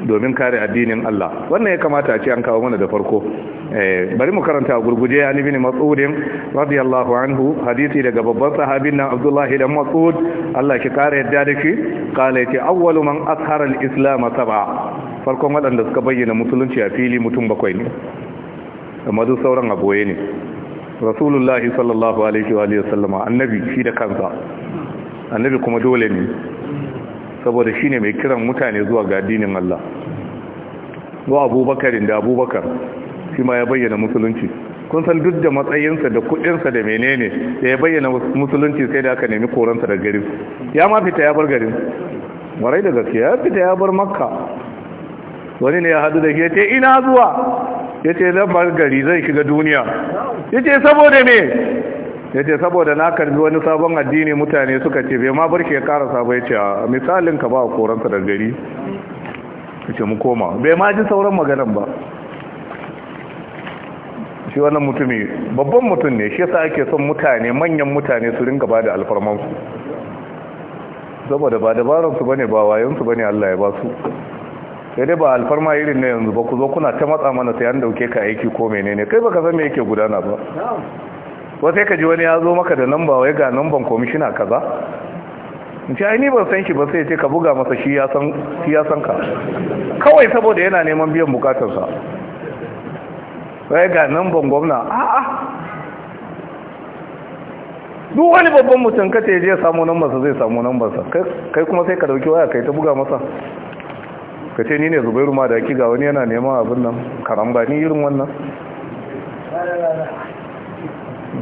domin kare addinin Allah wannan ya kamata a ce an kawo mana da farko eh, bari mu karanta gurguje ya ne masudin radiyallahu anhu hadisi daga babban sahabin nan Abdullahi dan Mas'ud Allah ki kare yadda da shi kala awwalu man akhara al-islam sab'a farkon wadanda suka bayyana musulunci a fili mutum bakwai ne amma duk sauran aboye ne Rasulullahi sallallahu alaihi wa alihi annabi shi da kansa annabi kuma dole ne saboda shi ne mai kiran mutane zuwa ga addinin Allah wa abubakarin da abubakar shi ma ya bayyana musulunci kun san duk da matsayinsa da kudinsa da menene da ya bayyana musulunci sai da aka nemi koransa da garin ya ma fita ya bar garin warai da gaske ya fita ya bar makka wani ne ya hadu da ya ce ina zuwa ya ce zan bar gari zai shiga duniya ya ce saboda me ya ce saboda na karbi wani sabon addini mutane suka ce bai ma barke ya kara sabai ce a misalin ka ba a koransa da gari ce mu koma bai ma ji sauran maganan ba shi wannan mutumi babban mutum ne shi yasa ake son mutane manyan mutane su ringa ba da alfarmansu saboda ba dabaransu bane ba wayansu bane Allah ya ba su sai dai ba alfarma irin na yanzu ba ku zo kuna ta matsa mana sai an dauke ka aiki ko menene kai baka san me yake gudana ba wa sai ka ji wani ya zo maka da namba wai ga namban komishina kaza ce aini ni ban san shi ba sai ce ka buga masa shi ya san ka kawai saboda yana neman biyan bukatarsa wai ga namban gwamna a a duk wani babban mutum ka je ya samu nambarsa zai samu nambarsa kai kuma sai ka dauki waya kai ta buga masa ka ce ni ne zubairu ma da ga wani yana neman abin nan karamba ni irin wannan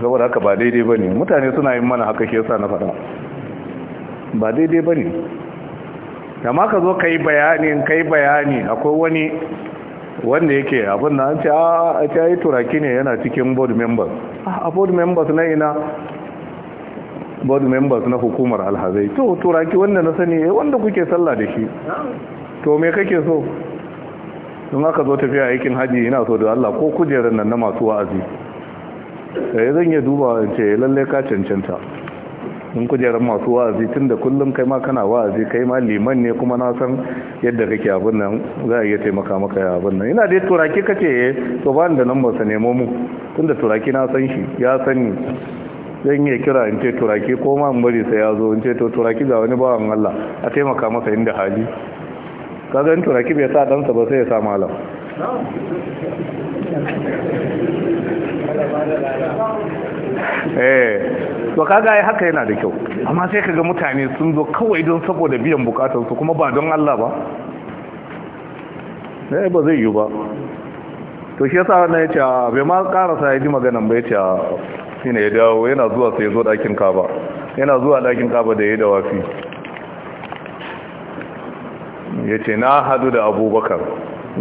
saboda haka ba daidai ba ne mutane suna yin mana haka shi yasa na faɗa ba daidai ba ne da ma ka zo ka yi bayani ka yi bayani akwai wani wanda yake abin da an ce a ta yi turaki ne yana cikin board members ah, a board members na ina board members na hukumar alhazai to turaki wanda na sani ya eh, wanda kuke sallah da shi to me kake so don aka zo tafiya aikin haji ina so da Allah ko kujerar nan na masu wa'azi sai eh, zan ya duba ce eh, lalle ka cancanta in kujerar masu wa'azi tun da kullum kai ma kana wa'azi kai ma liman ne kuma na san yadda kake abin nan za a iya taimaka maka ya abin nan ina dai turaki kace eh, to ba da nan ba sa nemo mu tun da turaki na san shi ya sani zan yi kira in ce turaki ko ma in bari sai ya zo in ce to turaki ga wani bawan Allah a taimaka masa inda hali kaga in turaki bai sa dansa ba sai ya sa malam eh to kaga ai haka yana da kyau amma sai kaga mutane sun zo kawai don saboda biyan bukatar su kuma ba don Allah ba eh ba zai yi ba to shi yasa wannan yace ah, bai ma karasa ya ji maganan ba yace ah, shine ya dawo yana zuwa sai ya zo dakin kaba yana zuwa dakin kaba da yayi dawafi yace na hadu da Abubakar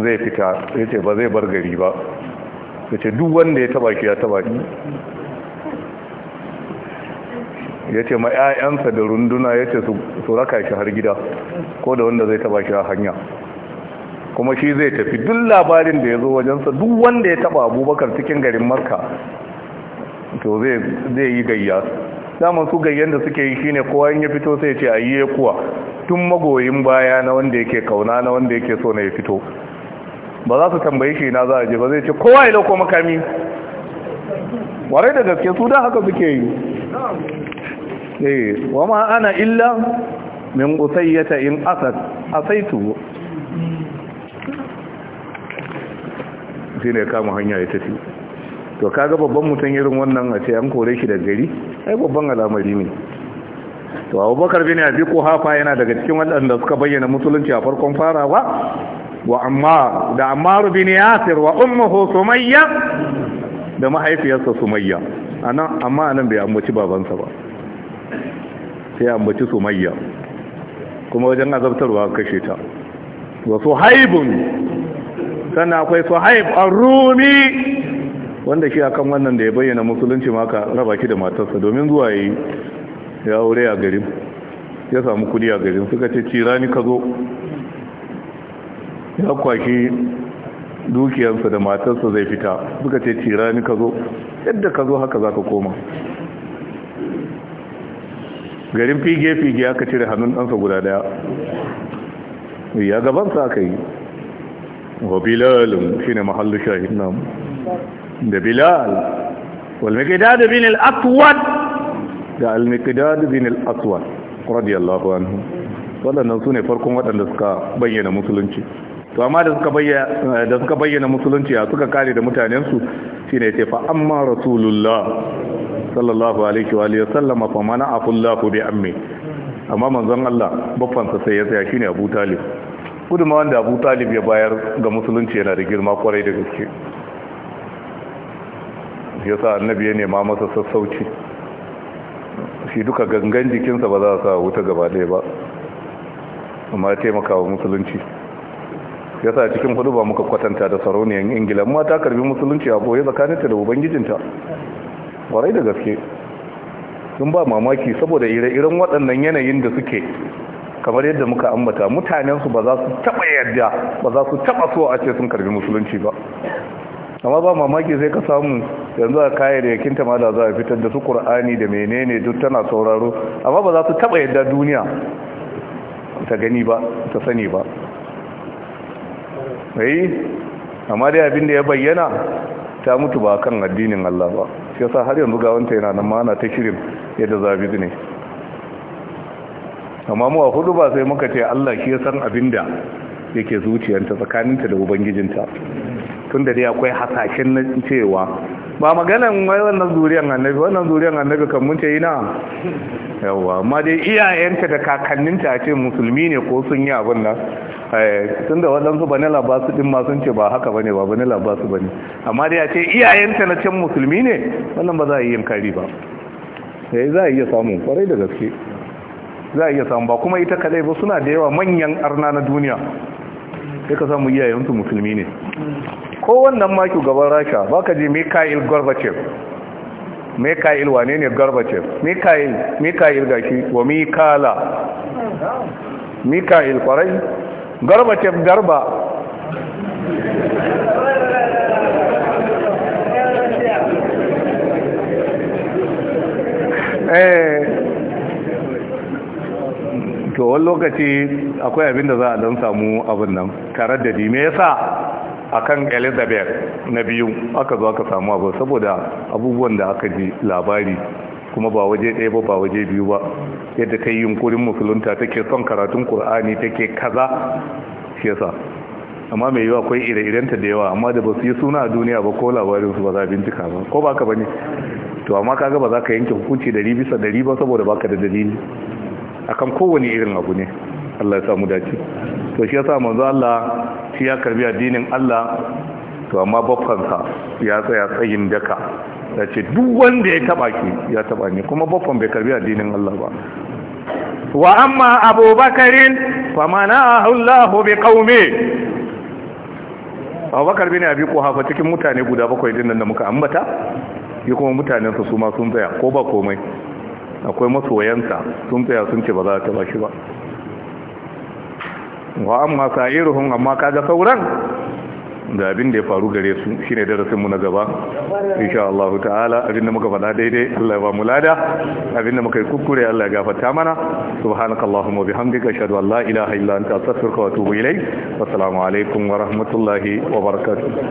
zai fita yace ba zai bar gari ba ta ce duk wanda ya taba ki ya taba ki ya ce ma 'ya'yansa da runduna ya ce su raka shi har gida ko da wanda zai taba shi a hanya kuma shi zai tafi duk labarin da ya zo wajensa duk wanda ya taba abubakar cikin garin marka to zai yi gayya daman su gayyan da suke yi shine kowa in ya fito sai ce a yi ya kuwa tun magoyin baya na wanda yake kauna na wanda yake so na ya fito ba za su tambaye shi na za a je ba zai ce kowa ya lauko makami warai da gaske su da haka suke yi eh, wa ma ana illa min qusayyata in asad shi ne kama hanya ya tafi to kaga babban mutum irin wannan a ce an kore shi da gari ai babban al'amari ne to abubakar bin ko hafa yana daga cikin waɗanda suka bayyana musulunci a farkon farawa wa ammar da ammar bin yasir wa ummuhu sumayya da mahaifiyarsa sumayya amma anan bai ambaci babansa ba sai ambaci sumayya kuma wajen azabtarwa kashe ta wa suhaibun sannan akwai suhaib ar-rumi wanda shi akan wannan da ya bayyana musulunci maka raba shi da matarsa domin zuwa yi ya aure a garin ya samu kudi a garin suka ce cirani ka zo ya kwashi dukiyarsa da matarsa zai fita suka ce tira ni ka zo yadda ka zo haka za ka koma garin fige-fige aka cire hannun ɗansa guda daya ya gabansa aka yi wa Bilal shi ne mahallu shahin namu da bilal walmikidadu bin al'aswad da almikidadu bin al'aswad radiyallahu anhu waɗannan su ne farkon waɗanda suka bayyana musulunci to amma da suka bayyana da suka bayyana musulunci a suka kare da mutanensu shine ce fa amma rasulullah sallallahu alaihi wa alihi wasallam fa mana afullahu bi ammi amma manzon Allah sa sai ya tsaya shine Abu Talib guduma wanda Abu Talib ya bayar ga musulunci yana da girma kwarai da gaske yasa annabi ya nema masa sassauci shi duka gangan jikinsa ba za a sa wuta gaba ɗaya ba amma ya taimaka wa musulunci yasa cikin hudu ba muka kwatanta da sarauniyan ingila ma ta karbi musulunci a boye tsakaninta da ubangijinta warai da gaske sun ba mamaki saboda ire-iren waɗannan yanayin da suke kamar yadda muka ambata mutanensu ba za su taɓa yadda ba za su taɓa so a ce sun karbi musulunci ba amma ba mamaki sai ka samu yanzu a kayayyakin ta ma da za a fitar da su ƙur'ani da menene duk tana sauraro amma ba za su taɓa yadda duniya ta gani ba ta sani ba eh amma dai abin da ya bayyana ta mutu ba kan addinin Allah ba shi yasa har yanzu ga wanta yana nan mana ta shirin yadda zabi ne amma mu a hudu ba sai muka ce Allah shi ya san abin da yake zuciyarta tsakaninta da ubangijinta tunda dai akwai hasashen cewa ba maganan wannan zuriyan annabi wannan zuriyan annabi kan mun ce na? yawa amma dai iyayenta da kakanninta a ce musulmi ne ko sun yi abin nan eh, tun da waɗansu ba ne labasu su ɗin ma sun ce ba haka ba ne ba ba labasu ba su ba ne amma dai a ce iyayenta na can musulmi ne wannan ba za a yi yin kari ba yi eh, za a iya samu kwarai da gaske za a iya samu ba kuma ita kadai ba suna da yawa manyan arna na duniya sai ka samu iyayensu musulmi ne ko wannan maki gaban rasha ba ka ji mikhail gorbachev Mikayil wane ne gorbachev Mikayil, ga gashi wa mikala mikhail kwarai gorbachev garba eh. to wani lokaci akwai abin da za a don samu abin nan tare da me sa? akan elizabeth na biyu aka zo aka samu abu saboda abubuwan da aka ji labari kuma ba waje ɗaya ba ba waje biyu ba yadda ta yi yunkurin musulunta take son karatun ƙur'ani take kaza shi yasa amma mai yiwa akwai ire-irenta da yawa amma da ba su yi suna a duniya ba ko labarinsu ba za a bincika ba ko ba ka ba ne to amma ka ga ba za ka yanke hukunci dari bisa dari ba saboda ba ka da dalili akan kowane irin abu ne Allah ya samu dace to shi yasa manzo Allah shi ya karbi addinin Allah to amma bakkansa ya tsaya tsayin daka Yace duk wanda ya taba ki ya taba ni kuma bakkan bai karbi addinin Allah ba wa amma abubakarin famana'ahu Allah bi qaumi abubakar bin abi quhafa cikin mutane guda bakwai din nan da muka ambata yi kuma mutanen su su ma sun tsaya ko ba komai akwai masoyansa sun tsaya sun ce ba za ta ba shi ba wa amma sa'iruhum amma kaga sauran da abin da ya faru gare su shine darasin mu na gaba insha Allah ta'ala abinda muka faɗa daidai Allah ya ba mu lada abinda muka yi kukkure Allah ya gafarta mana subhanakallahumma wa bihamdika ashhadu an la ilaha illa anta astaghfiruka wa atubu ilayk assalamu alaikum wa rahmatullahi wa barakatuh